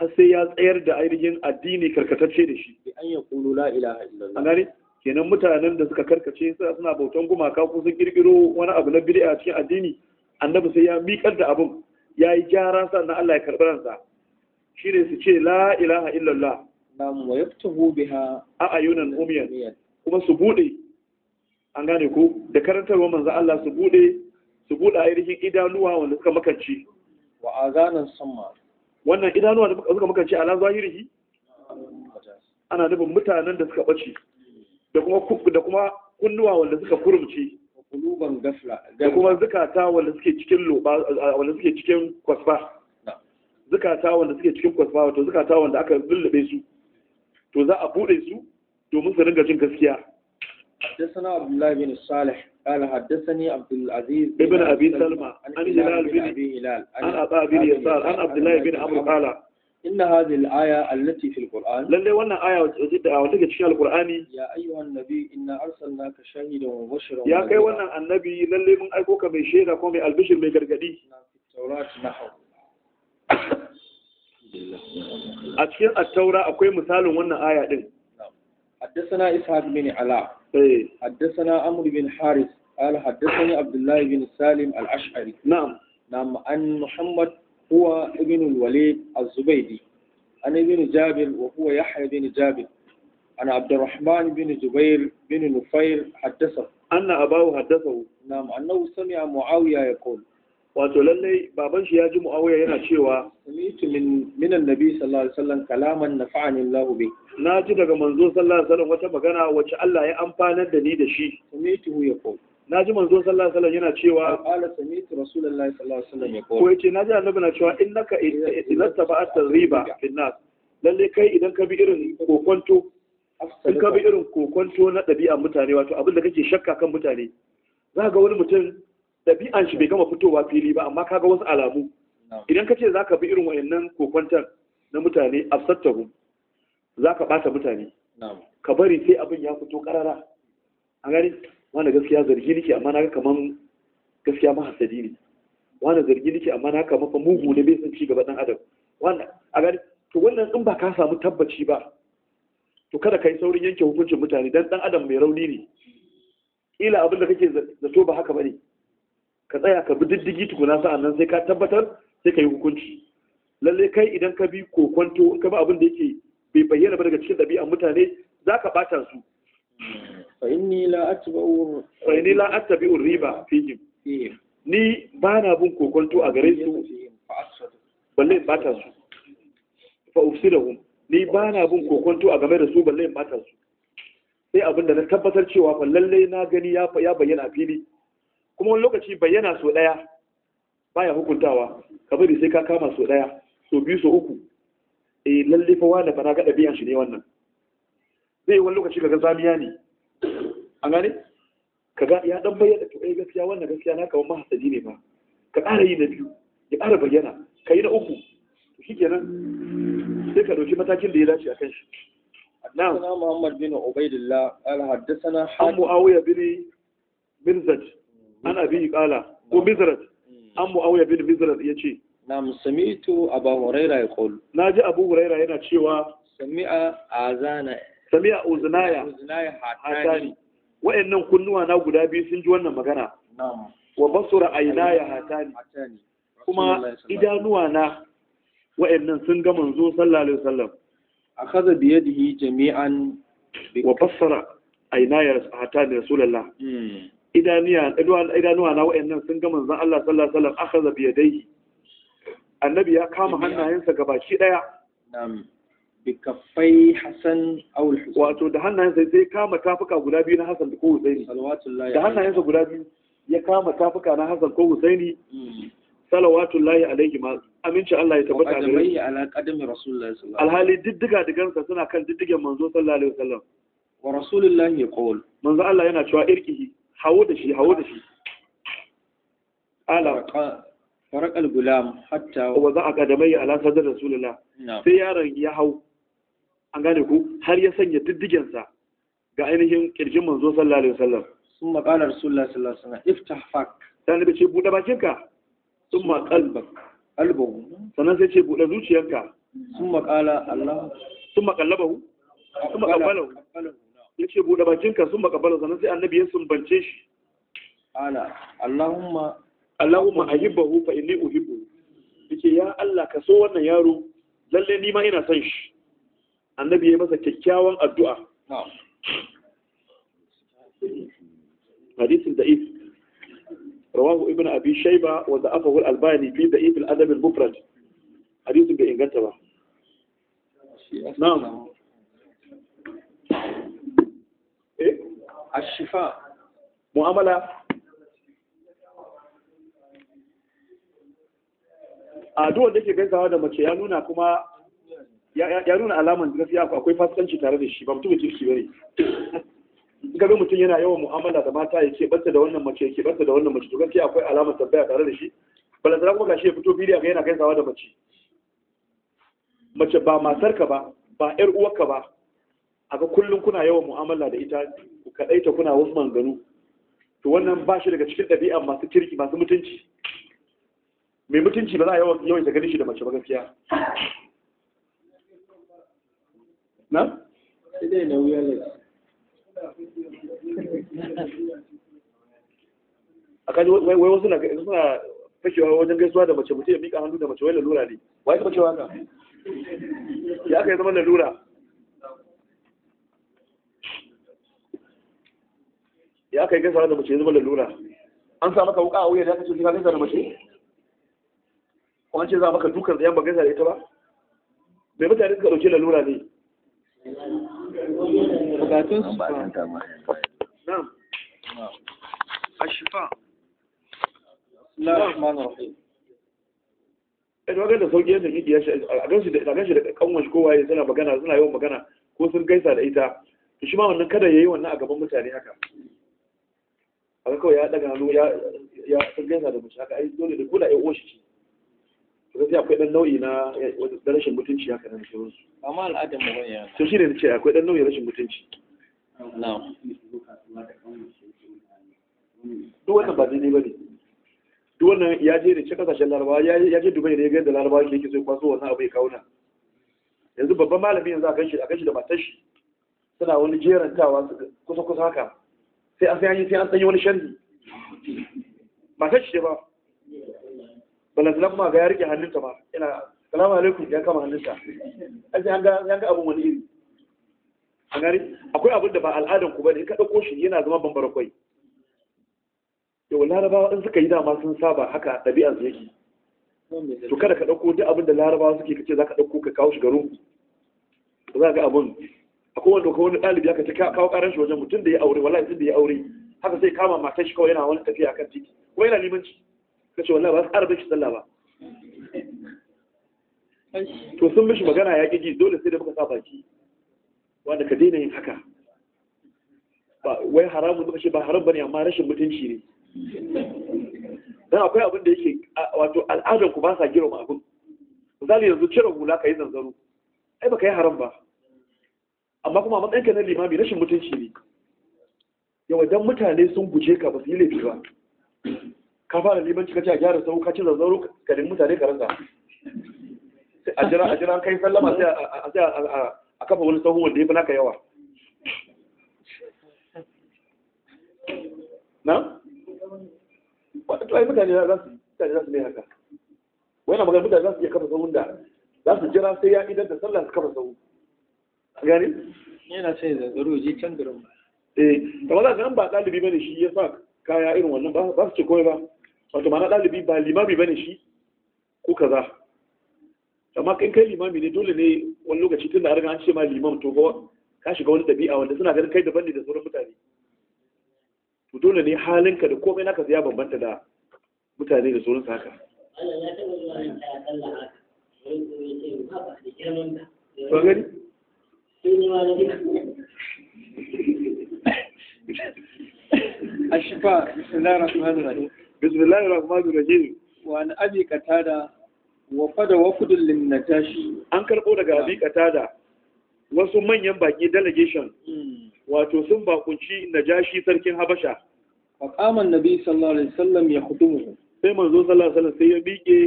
har sai ya tsayar da ainihin addini karkatacce da shi an ya kulu kenan mutanen da suka karkace suna bautan gumaka ko sun kirkiro wani abu na bid'a cikin addini annabi sai ya miƙar da abun ya yi gyara na Allah ya karɓi ransa shi ne su ce la ilaha illallah nam wa yaftahu biha a ayunan umiyan kuma su bude an gane ko da karantarwa manzo Allah su bude su bude ainihin idanuwa wanda suka makanci wa azanan samma wannan idanuwa da suka muka ce ala zahirihi ana nufin mutanen da suka bace da kuma da kuma kunnuwa wanda suka kurumce da kuma zukata wanda suke cikin loba wanda suke cikin kwasba zukata wanda suke cikin kwasba wato zukata wanda aka lullube su to za a bude su domin su ringa jin gaskiya حدثنا sana abdullahi bin salih قال حدثني عبد العزيز ابن ابي سلمى عن هلال بن ابي هلال عن عطاء بن يسار عن عبد الله بن عمرو قال إن هذه الآية التي في القرآن للي وانا آية وجدت وتجد شيء القرآن يا أيها النبي إنا أرسلناك شاهدا ومبشرا يا كي وانا النبي للي من أكوك من شيء لكم البشر من قرقدي التوراة نحو أتكين التوراة أكوي مثال وانا آية دين حدثنا إسحاق بن علاء حدثنا عمرو بن حارث قال حدثني عبد الله بن سالم الأشعري نعم نعم عن محمد هو ابن الوليد الزبيدي عن ابن جابر وهو يحيى بن جابر عن عبد الرحمن بن زبير بن نفير حدثه أن أباه حدثه نعم أنه سمع معاوية يقول wato lallai baban shi ya ji muawiya yana cewa sami'tu min minan nabi sallallahu alaihi wasallam kalaman nafa'ani Allah bi na ji daga manzo sallallahu alaihi wasallam wata magana wacce Allah ya amfanar da ni da shi sami'tu ya ko na ji manzo sallallahu alaihi wasallam yana cewa qala sami'tu rasulullahi sallallahu alaihi wasallam ya ko ko yace na ji annabi na cewa innaka idza taba'at riba fin nas lalle kai idan ka bi irin kokonto in ka bi irin kokonto na ɗabi'a mutane wato abin da kake shakka kan mutane za ga wani mutum ɗabi'an shi bai gama fitowa fili ba amma kaga wasu alamu idan ka ce za ka bi irin wayannan kokwantar na mutane a sattaru za ka ɓata mutane ka bari sai abin ya fito ƙarara a gani wani gaskiya zargi nake amma na kaman gaskiya mahasadi ne wani zargi nake amma na kama fa mugu ne bai san ci gaba ɗan adam a gani to wannan in ba ka samu tabbaci ba to kada ka yi saurin yanke hukuncin mutane dan ɗan adam mai rauni ne ila abin da kake zato ba haka ba ne ka tsaya ka bi diddigi tukuna sa'an nan sai ka tabbatar sai ka yi hukunci lalle kai idan ka bi kokonto ka bi abin da yake bai bayyana ba daga cikin ɗabi'an mutane za ka ɓata su fa inni la attabi'u riba fihim ni ba na bin kokonto a gare su balle in ta su fa ufsidahum ni ba na bin kokonto a game da su balle in ta su sai abin da na tabbatar cewa fa lalle na gani ya bayyana fili kuma wani lokaci bayyana so ɗaya baya hukuntawa ka bari sai ka kama so ɗaya so biyu so uku E, lalle fa wani bana gada biyan shi ne wannan zai wani lokaci ga zamiya ne an gane ga ya dan bayyana to eh gaskiya wannan gaskiya na kawo mahasadi ne ba ka ƙara yi na biyu ya ƙara bayyana ka yi na uku to shikenan sai ka ɗauki matakin da ya dace a kan shi نعم محمد بن عبيد الله قال حدثنا حاتم معاوية بن مرزج an abi qala ko mizrat hmm. an muawiya bin mizrat yace na musamitu abu huraira yaqul naji abu huraira yana cewa sami'a azana sami'a uznaya uznaya hatani wa'annan kunnuwa na guda biyu sun ji wannan magana na'am wa basura aynaya hatani kuma idanuwa na wa'annan sun ga manzo sallallahu alaihi wasallam akhadha bi yadihi jami'an wa basara aynaya hatani rasulullah hmm. idanuwa na wa'annan sun ga manzon Allah sallallahu alaihi wasallam akhadha bi yadayhi annabi ya kama hannayensa gabaki daya na'am bi kaffai hasan aw al-husayn wato da hannayensa sai kama tafuka guda biyu na Hassan ko Husaini da hannayensa guda biyu ya kama tafuka na Hassan ko Husaini mm. salawatullahi alaihi ma aminci Allah ya tabbata da shi ala qadami rasulullahi sallallahu alhali diddiga digansa suna kan diddigen manzo sallallahu alaihi wasallam wa rasulullahi yaqul manzo Allah yana cewa irkihi hawo da shi hawo da shi ala farak al-gulam hatta wa za a kadamai ala sadar rasulullah sai yaron ya hau an gane ku har ya sanya diddigen sa ga ainihin kirjin manzo sallallahu alaihi wasallam sun qala rasulullah sallallahu alaihi wasallam iftah fak dan da ce bude bakinka sun qalbak albu sannan sai ce bude zuciyarka sun maƙala allah sun qallabahu sun maƙabbalahu ya ce buɗe bakinka sun makabala sannan sai annabi ya sumbance shi ala allahumma allahumma ahibbahu fa inni uhibbu yace ya Allah ka so wannan yaro lalle ni ma ina son shi annabi ya masa kyakkyawan addu'a na'am hadith da'if rawahu ibn abi shayba wa da'afahu al-albani fi da'if al-adab al bai inganta ba الشفاء mu'amala addu'ar da ke gaisawa da mace ya nuna kuma نفيا nuna فاسقن gaskiya akwai fasikanci tare da shi ba mutum kirki mutum yana yawan mu'amala da mata ya ce bata da wannan mace ya ke bata da wannan mace to gaskiya akwai alama tabbaya tare da shi balantana kuma gashi ya fito bidiyo ga yana gaisawa da mace mace ba masarka ba ba yar uwarka ba a ga kullum kuna yawan mu'amala da ita ku kadaita kuna wasu manganu to wannan ba shi daga cikin ɗabi'a masu kirki masu mutunci mai mutunci ba za a yawan ta ganin shi da mace ba gaskiya na? wuya a kan wai wasu na suna fakewa wajen gaisuwa da mace mutum ya miƙa hannu da mace wai lalura ne wai ta cewa ka ya aka yi zama lalura ya kai gaisa da mace ya zuba lalura an sa maka wuka a wuya da ka ce ka gaisa da mace ko an ce za maka dukan tsayan ba gaisa da ita ba bai mutane suka dauke lalura ne bukatun su ba Ina wagar eh, da sauƙi yadda kiki ya shi a ganshi da kanwan shi kowaye suna magana suna yawan magana ko sun gaisa da ita to shi ma wannan kada ya yi wannan a gaban mutane haka aka kawai ya daga hannu ya ya gaisa da mace haka ai dole da kula ya oshi ce to sai akwai dan nau'i na da eh, rashin mutunci haka nan shirin su amma al'adar mu bane ya to shine nace akwai dan nau'i rashin mutunci na'am duk wannan ba daidai bane duk wannan ya je da ce kasashen larabawa ya je dubai ne ya ga yadda larabawa ke yake so ya kwaso wannan abu ya kauna. yanzu babban malami yanzu a kan shi da matar shi suna wani jerantawa kusa kusa haka sai a sai sai an tsanyi wani Ba matar shi ba balantana kuma ga ya rike hannunta ba ina salamu alaikum ya kama hannunta an sai an ga abin wani iri A gani akwai abin da ba al'adan ku bane ka ɗauko shi yana zama bambara kwai yau larabawa in suka yi dama sun saba haka ɗabi'ar su yake to kada ka ɗauko duk abin da larabawa suke kace za ka ɗauko ka kawo shi garin ku za ga abin akwai wanda ko wani ɗalibi aka ce kawo ƙaran shi wajen mutum da ya aure wallahi tun da ya aure haka sai kama matar shi kawai yana wani tafiya kan titi kuma yana limanci ka ce wallahi ba su ƙara baki sallah ba to sun mishi magana ya ƙi ji dole sai da muka sa baki wanda ka daina yin haka ba wai haramun muka ce ba haram bane amma rashin mutunci ne dan akwai abin da yake wato al'adar ku ba sa girma abin misali yanzu cire hula ka yi zanzaro ai baka yi haram ba amma kuma matsayinka na limami rashin mutunci ne yawa dan mutane sun guje ka ba su yi laifi ba ka fara limanci ka ce a gyara sau ka ci zazzaro ka nemi mutane ka rasa a jira a jira kai sallama sai a kafa wani sauhu wanda ya fi naka yawa na? wadda ai mutane za su mutane za su ne haka wani magana mutane za su iya kafa sauhun da za su jira sai ya idan da sallah su kafa sauhu gani yana sai zanzaro je can garin ba eh to wannan kan ba dalibi bane shi ya sa kaya irin wannan ba ba su ce kawai ba wato ma'ana dalibi ba limami bane shi ko kaza amma kan kai limami ne dole ne wani lokaci tun da an riga an ce ma limam to ba ka shiga wani dabi'a wanda suna ganin kai daban ne da sauran mutane to dole ne halinka da komai naka ya bambanta da mutane da sauransu haka Allah ya taɓa zuwa nan ta sallah haka. Wani kuma ya ce ba ba da girman ba. Ba الشفاء بسم الله الرحمن الرحيم بسم الله الرحمن الرحيم قتادة وفد وفد للنجاشي ان كربو daga ابي قتادة wasu manyan baki delegation hmm. wato sun bakunci najashi sarkin habasha wa qaman nabi sallallahu alaihi wasallam ya hudumu. sai manzo sallallahu alaihi wasallam sai ya bike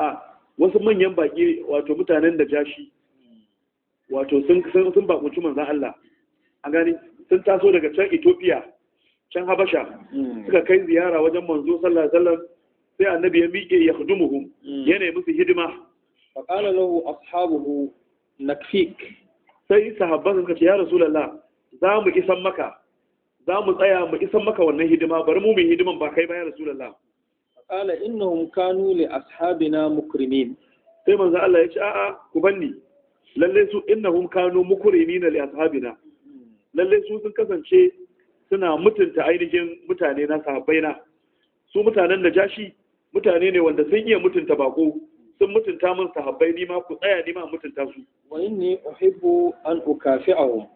a wasu manyan baki wato mutanen najashi wato sun bakunci manzan Allah A gani sun taso daga can Ethiopia can Habasha hmm. suka kai ziyara wajen manzo sallallahu alaihi wasallam sai annabi ya miƙe ya hudumuhum hmm. yana musu hidima fa qala lahu ashabuhu nakfik sai sahabban suka ce ya rasulullah za mu isan maka za mu tsaya mu isan maka wannan hidima bari mu mu hidiman ba kai ba ya rasulullah qala innahum kanu li ashabina mukrimin sai manzo Allah ya ce a'a ku banni lalle su innahum kanu mukurinina li ashabina lalle su sun kasance suna mutunta ainihin mutane na sahabbaina su mutanen da jashi mutane ne wanda sun iya mutunta bako sun mutunta min sahabbai ni ma ku tsaya ni ma mutunta su wa inni uhibbu an ukafi'ahum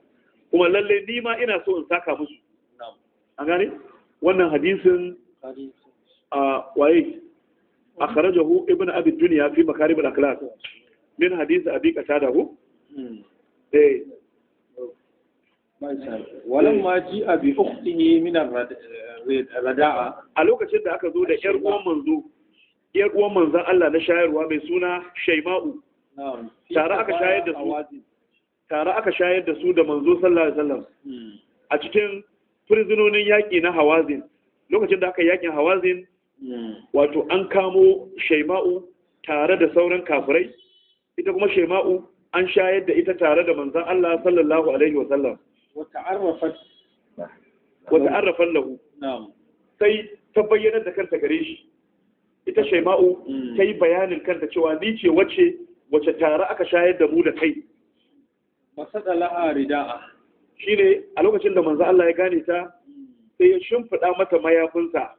kuma lalle ni ma ina so in saka musu an gane wannan hadisin a waye akhrajahu ibnu abi dunya fi makarib al-akhlaq min hadisi abi qatada hu hmm. eh walan eh. ma ji abi ukhtihi min ar-rada'a eh, a lokacin da aka zo da yar uwan manzo yar uwan manzo Allah na shayarwa mai suna Shaima'u tare aka shayar da su tare aka shayar da su da manzo sallallahu alaihi wasallam hmm. a cikin prisonin yaƙi na Hawazin lokacin da aka yaƙin Hawazin hmm. wato an kamo Shaima'u tare da sauran kafirai ita kuma shema'u an shayar da ita tare da manzan Allah sallallahu alaihi wa sallam wa lahu sai ta bayyana da kanta gare shi ita shema'u mm. ta yi bayanin kanta cewa ni ce wace wace tare aka shayar da mu da kai masada laha rida'a ne a lokacin da manzan Allah ya gane ta mm. sai ya shimfiɗa mata mayafinsa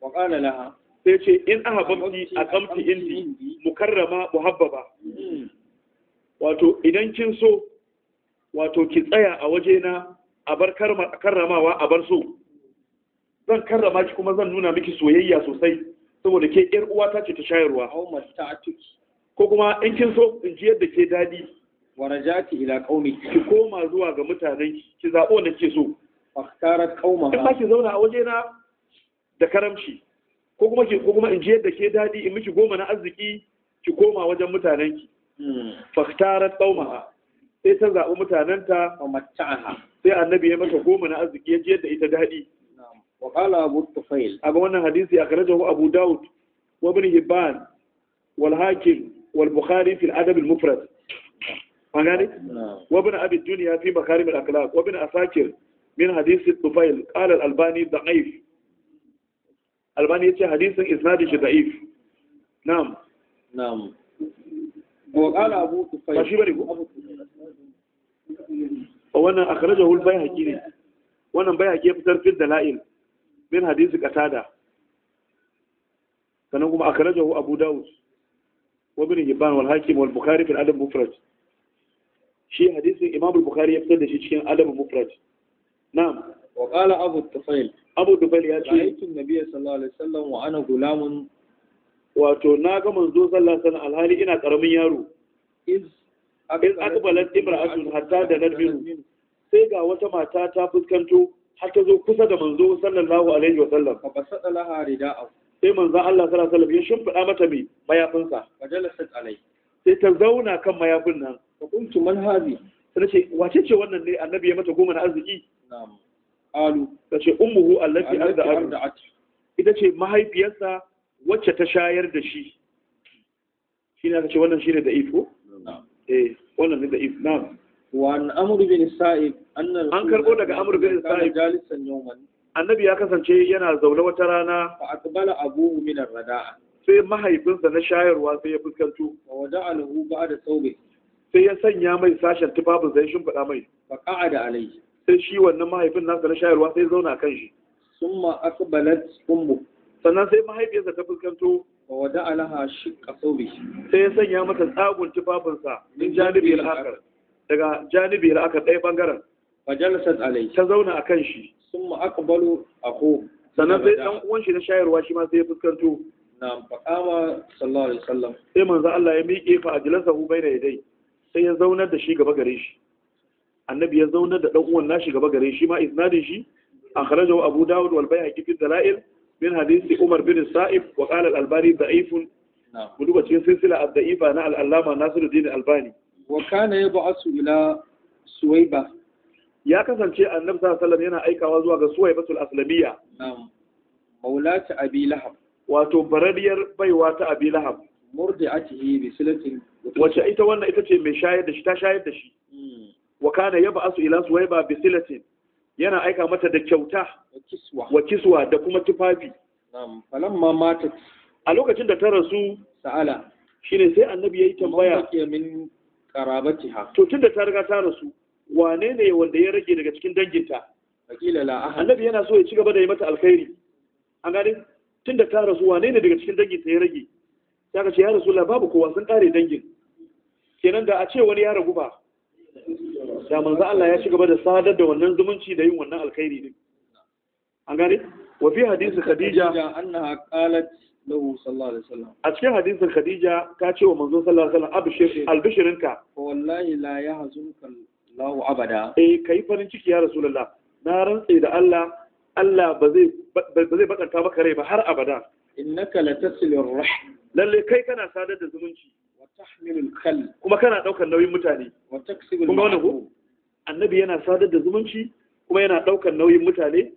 wa laha sai ce in an haɓamti a kamti indi mukarrama muhabbaba hmm. wato idan kin so wato ki tsaya a waje na a bar karramawa a bar so zan karrama ki kuma zan nuna miki soyayya sosai saboda ke yar uwata ce ta shayarwa ko kuma in kin so in ji yadda ke dadi warajati ila qaumi ki koma zuwa ga mutanen ki zaɓo zabo ke so faktarat qauma in ba ki zauna a waje na da karamci ko kuma ko kuma in ji yadda ke dadi in miki goma na arziki ki koma wajen mutanen ki hmm. faktarat qaumaha sai ta zabi mutanen ta matta'aha sai annabi ya mata goma na arziki ya ji yadda ita dadi wa qala abu tufail aga wannan hadisi akhrajahu abu daud wa ibn hibban wal hakim wal bukhari fi al adab al mufrad an gane wa ibn abi dunya fi makarim al akhlaq wa ibn asakir min hadisi tufail qala al albani da'if albani ya ce hadisin isnadin shi da'if na'am nam wa abu tufayl ba shi bari ku wannan jahul bai haƙi ne wannan haƙi ya fitar da la'il min hadisi qatada sannan kuma jahul abu daud wabin ibn hibban wal hakim wal bukhari fil adam mufrad shi hadisun imam al-bukhari ya fitar da shi cikin adab mufrad na'am wa qala abu abu dufal ya ce aikin nabiya sallallahu alaihi wasallam wa ana gulamun wato na ga manzo sallallahu alaihi wasallam alhali ina karamin yaro iz akbalat imra'atun hatta da nadbiru sai ga wata mata ta fuskanto har ta zo kusa da manzo sallallahu alaihi wasallam fa basada laha rida'ahu sai manzo Allah sallallahu alaihi wasallam ya shimfida mata mai mayafinsa fajalasat alai sai ta zauna kan mayafin nan fa kuntu man hazi sai ce wace ce wannan ne annabi ya mata goma na arziki na'am qalu ce, ummuhu allati arda'at ita ce mahaifiyarsa wacce ta shayar da shi shi ne kace wannan shine da ifo eh wannan ne da if na wa an amr bin sa'id annal an karbo daga amr bin sa'id jalisan yawman annabi ya kasance yana zaune wata rana fa aqbala abuhu min arda'a sai mahaifinsa na shayarwa sai ya fuskanto wa wada'alahu ba'da sawbi sai ya sanya mai sashen tufafin sai shin faɗa mai fa qa'ada alayhi sai shi wannan mahaifin nasa na shayarwa sai zauna kan shi summa aqbalat ummu sannan sai mahaifiyarsa ta fuskanto wa wada alaha shi thawbi sai ya sanya mata tsagun tufafinsa in janibi al daga janibi al ɗaya bangaren majalisat alai ta zauna a kan shi summa aqbalu aku sannan sai ɗan uwan shi na shayarwa shi ma sai ya fuskanto na faqama sallallahu alaihi wasallam sai manzo Allah ya miƙe fa ajlasa hu baina yadai sai ya zaunar da shi gaba gare shi annabi ya zauna da ɗan'uwan nashi gaba gare shi ma isnadin shi akhrajahu abu dawud wal bayhaqi fi dalail min hadisi umar bin sa'ib wa qala al albani da'ifun mu duba cikin silsila ad da'ifa na al allama nasiruddin albani wa kana yab'asu ila suwaiba ya kasance annabi sallallahu alaihi yana aikawa zuwa ga suwaibatul aslamiyya na'am maulati abi lahab wato barariyar baiwa ta abi lahab murdi'atihi bi silatin wace ita wannan ita ce mai shayar da shi ta shayar da shi hmm. wa kana asu ila suwayba bi silatin yana aika mata da kyauta wa kiswa da kuma tufafi falamma matat a lokacin da ta rasu sa'ala shine sai annabi yayi tambaya min qarabatiha to tunda ta riga ta rasu wane ne wanda ya rage daga cikin danginta akila la annabi yana so ya ci gaba da yi mata alkhairi an gane tunda ta rasu wane ne daga cikin danginta ya rage ya ka ce ya rasu babu kowa sun kare dangin kenan da a ce wani ya ragu ba da manzo Allah ya ci gaba da sadar da wannan zumunci da yin wannan alkhairi din an gane wa fi hadisi khadija annaha qalat lahu sallallahu alaihi wasallam a cikin hadisin khadija ta ce wa manzo sallallahu alaihi wasallam abshir albishirinka wallahi la yahzunka lahu abada eh kai farin ciki ya rasulullah na rantse da Allah Allah ba zai ba zai bakanta maka rai ba har abada innaka latasilur rahim lalle kai kana sadar da zumunci wa tahmilul khal kuma kana daukar nauyin mutane wa taksibul kuma annabi yana sadar da zumunci kuma yana ɗaukar nauyin mutane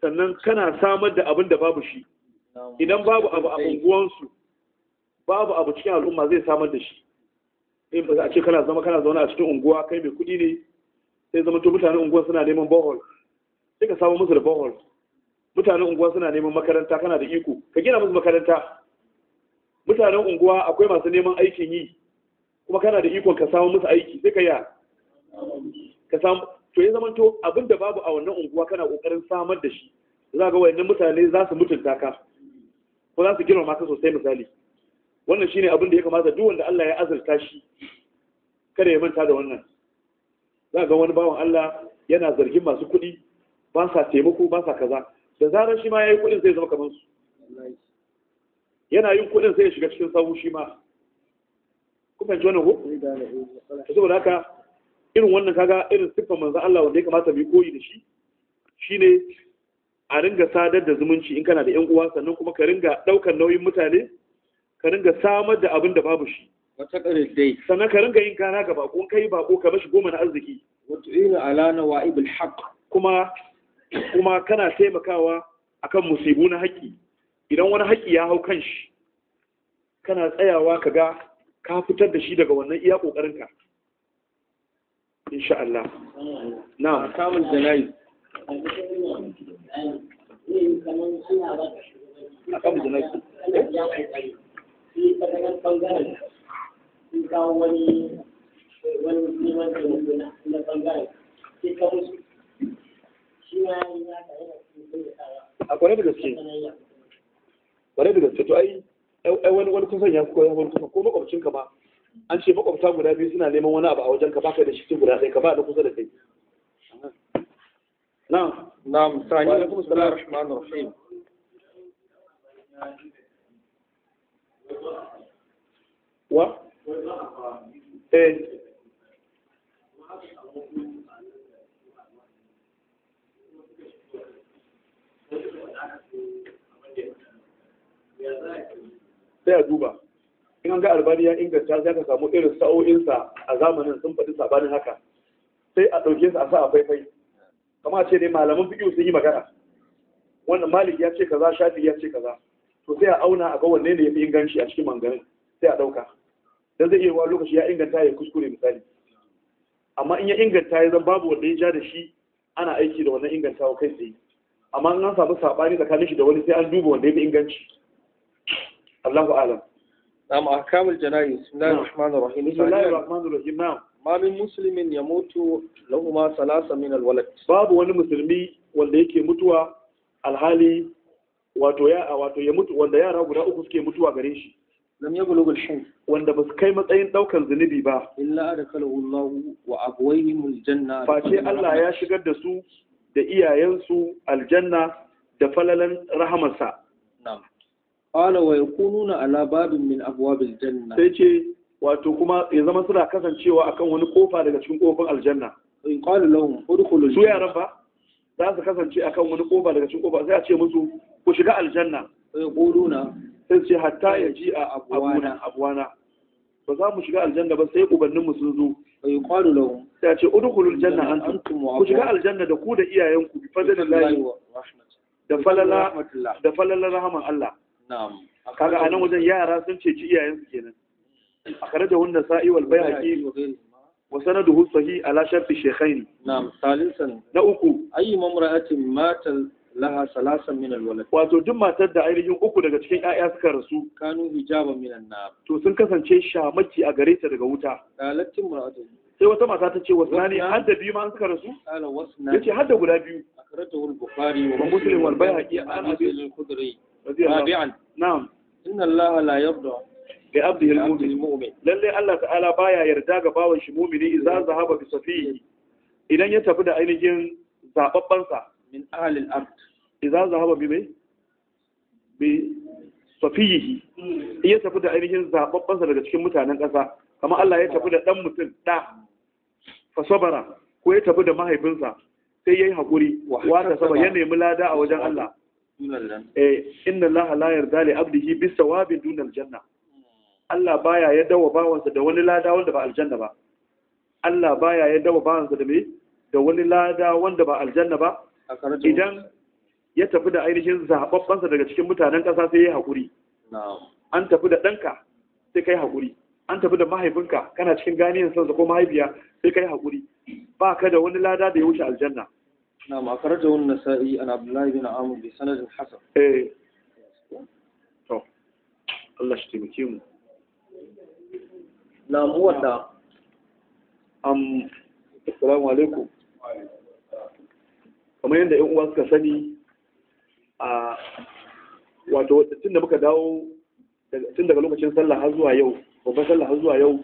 sannan kana samar da abin da babu shi idan babu abu a unguwansu babu abu cikin al'umma zai samar da shi in ba a ce kana zama kana zaune a cikin unguwa kai mai kuɗi ne sai zama to mutanen unguwa suna neman bohol sai ka samu musu da bohol mutanen unguwa suna neman makaranta kana da iko ka gina musu makaranta mutanen unguwa akwai masu neman aikin yi kuma kana da ikon ka samu musu aiki sai ka yi ka samu to ya zamanto abin da babu a wannan unguwa kana kokarin samar da shi za ga wayannan mutane za su mutunta ka ko za su girma ka sosai misali wannan shine abin da ya kamata duk wanda Allah ya azurta shi kada ya manta da wannan za ga wani bawan Allah yana zargin masu kuɗi ba sa taimako ba sa kaza da zarar shi ma yayi kuɗin zai zama kamar su yana yin kuɗin sai ya shiga cikin sahu shi ma kuma ji wannan ko eh, saboda haka irin wannan kaga irin siffar manzan Allah wanda ya kamata mu koyi da shi shine a ringa sadar da zumunci in kana da yan uwa sannan kuma ka ringa daukar nauyin mutane ka ringa samar da abin da babu shi wata dai sannan ka ringa yin kana ga bako in kai bako ka bashi goma na arziki wato ina wa ibil haqq kuma kuma kana taimakawa akan musibu na haƙƙi idan wani haƙƙi ya hau kan kana tsayawa ka ga ka fitar da shi daga wannan iya ƙoƙarinka insha Allah na'am kamun na da gaske da gaske to ai wani wani kun sanya ko wani kusan ko makwabcin ma an ce makwabta guda biyu suna neman wani abu a wajen ka baka da shi guda ɗaya ka ba da kusa da kai na'am na'am sani alaikum salam rahman rahim wa eh sai a duba in an ga albani ya inganta za ka samu irin sa'o'insa a zamanin sun faɗi sabanin haka sai a ɗauke su a sa a faifai kamar ce ne malaman fiƙi sun yi magana wannan malik ya ce kaza shafi ya ce kaza to sai a auna a ga wanne ne ya fi inganci a cikin manganin sai a ɗauka dan zai iya wa lokaci ya inganta ya kuskure misali amma in ya inganta ya zan babu wanda ya ja da shi ana aiki da wannan ingantawa kai tsaye amma in an samu saɓani tsakanin shi da wani sai an duba wanda ya fi inganci Allahu alam نعم أحكام الجنائز بسم الله الرحمن الرحيم بسم الله wani musulmi wanda yake mutuwa alhali wanda yara guda uku suke mutuwa gare shi wanda ba su kai matsayin daukan zunubi ba illa Allah face Allah ya shigar da su da iyayensu aljanna da falalan rahmarsa. na'am qala wa ya ala babin min abuwabin janna sai ce wato kuma ya zama suna kasancewa akan wani kofa daga cikin kofin aljanna in qala lahum udkhulu su yaran ba za su kasance akan wani kofa daga cikin kofa sai a ce musu ku shiga aljanna sai quluna sai ce hatta ya ji a abuwana abuwana ba za mu shiga aljanna ba sai ubannin mu sun zo sai qalu lahum sai a ce udkhulul janna antum ku shiga aljanna da ku da iyayenku bi fadlillahi wa da falala da falala rahman Allah na'am kaga anan wajen yara sun ceci iyayensu kenan da wanda sa'i wal bayhaqi wa sanaduhu sahih ala sharti shaykhayn na'am salisan na uku ayi mamra'atin matal laha salasan min alwalad wato duk matar da ainihin uku daga cikin ƴaƴa suka rasu kanu hijaban min annab to sun kasance shamaki a gare ta daga wuta qalat imra'atu sai wata mata ta ce wasnani har da biyu ma an suka rasu Ya ce yace har da guda biyu akratahu al-bukhari wa muslim wal bayhaqi an abi al-khudri rabi'an na'am inna allaha la yarda bi abdihi al-mu'min lalle Allah ta'ala baya yarda ga bawan shi mu'mini idza zahaba bi safihi idan ya tafi da ainihin zababban sa min ahli al-ard idza zahaba bi mai bi safihi ya tafi da ainihin zababban sa daga cikin mutanen ƙasa kamar Allah ya tafi da dan mutum da fa sabara ko ya tafi da mahaifinsa sai yayi hakuri wa ta saba ya nemi lada a wajen Allah eh inna allaha la yarda li abdihi bi sawabi dun aljanna Allah baya ya wa bawansa da wani lada wanda ba aljanna ba Allah baya ya wa bawansa da me da wani lada wanda ba aljanna ba idan ya tafi da ainihin sa daga cikin mutanen ƙasa sai ya hakuri, an tafi da danka sai kai hakuri, an tafi da mahaifinka kana cikin ganiyan sansa ko mahaifiya sai kai hakuri, ba ka da wani lada da ya wuce aljanna نعم أخرجه النسائي عن عبد الله بن عامر بسند حسن. إيه. طب الله يشتمكيهم. نعم هو ده. أم السلام عليكم. kamar yadda yan uwa suka sani a wato tun da muka dawo tun daga lokacin sallah har zuwa yau babban sallah har zuwa yau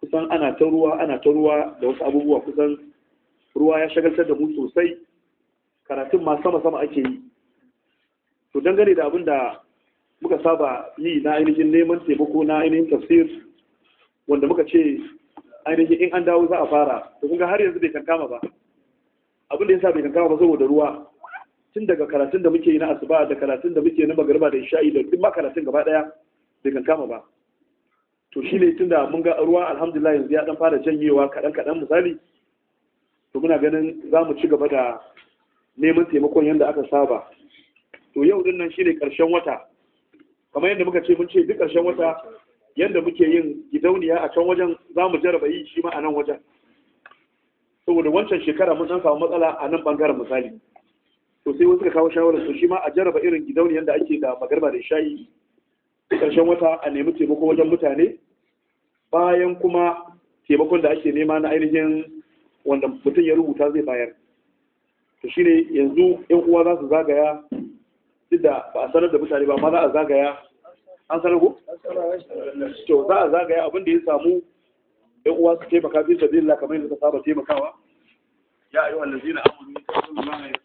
kusan ana ta ruwa ana ta ruwa da wasu abubuwa kusan ruwa ya shagaltar da mu sosai karatun ma sama sama ake yi to dangane da abin da muka saba yi na ainihin neman taimako na ainihin tafsir wanda muka ce ainihin in an dawo za a fara to kun ga har yanzu bai kankama ba abin da yasa bai kankama ba saboda ruwa tun daga karatun da muke yi na asuba da karatun da muke na magariba da isha'i da duk ma karatun gaba daya bai kankama ba to shine tunda mun ga ruwa alhamdulillah yanzu ya dan fara janyewa kadan kadan misali to muna ganin za mu ci gaba da neman taimakon yadda aka saba to yau din nan shine karshen wata kamar yadda muka ce mun ce duk karshen wata yadda muke yin gidauniya a can wajen za mu jarraba yi shi ma a nan wajen saboda wancan shekara mun san samu matsala a nan bangaren misali to sai wasu ka kawo shawarar su shi ma a jarraba irin gidauniyar da ake da magarba da shayi karshen wata a nemi taimako wajen mutane bayan kuma taimakon da ake nema na ainihin wanda mutum ya rubuta zai bayar to shine yanzu yan uwa za su zagaya duk da ba a sanar da mutane ba amma za a zagaya an sanar ko to za a zagaya abin da ya samu yan uwa su taimaka bi sabilillah kamar yadda ta saba taimakawa ya ayyuhal ladzina amanu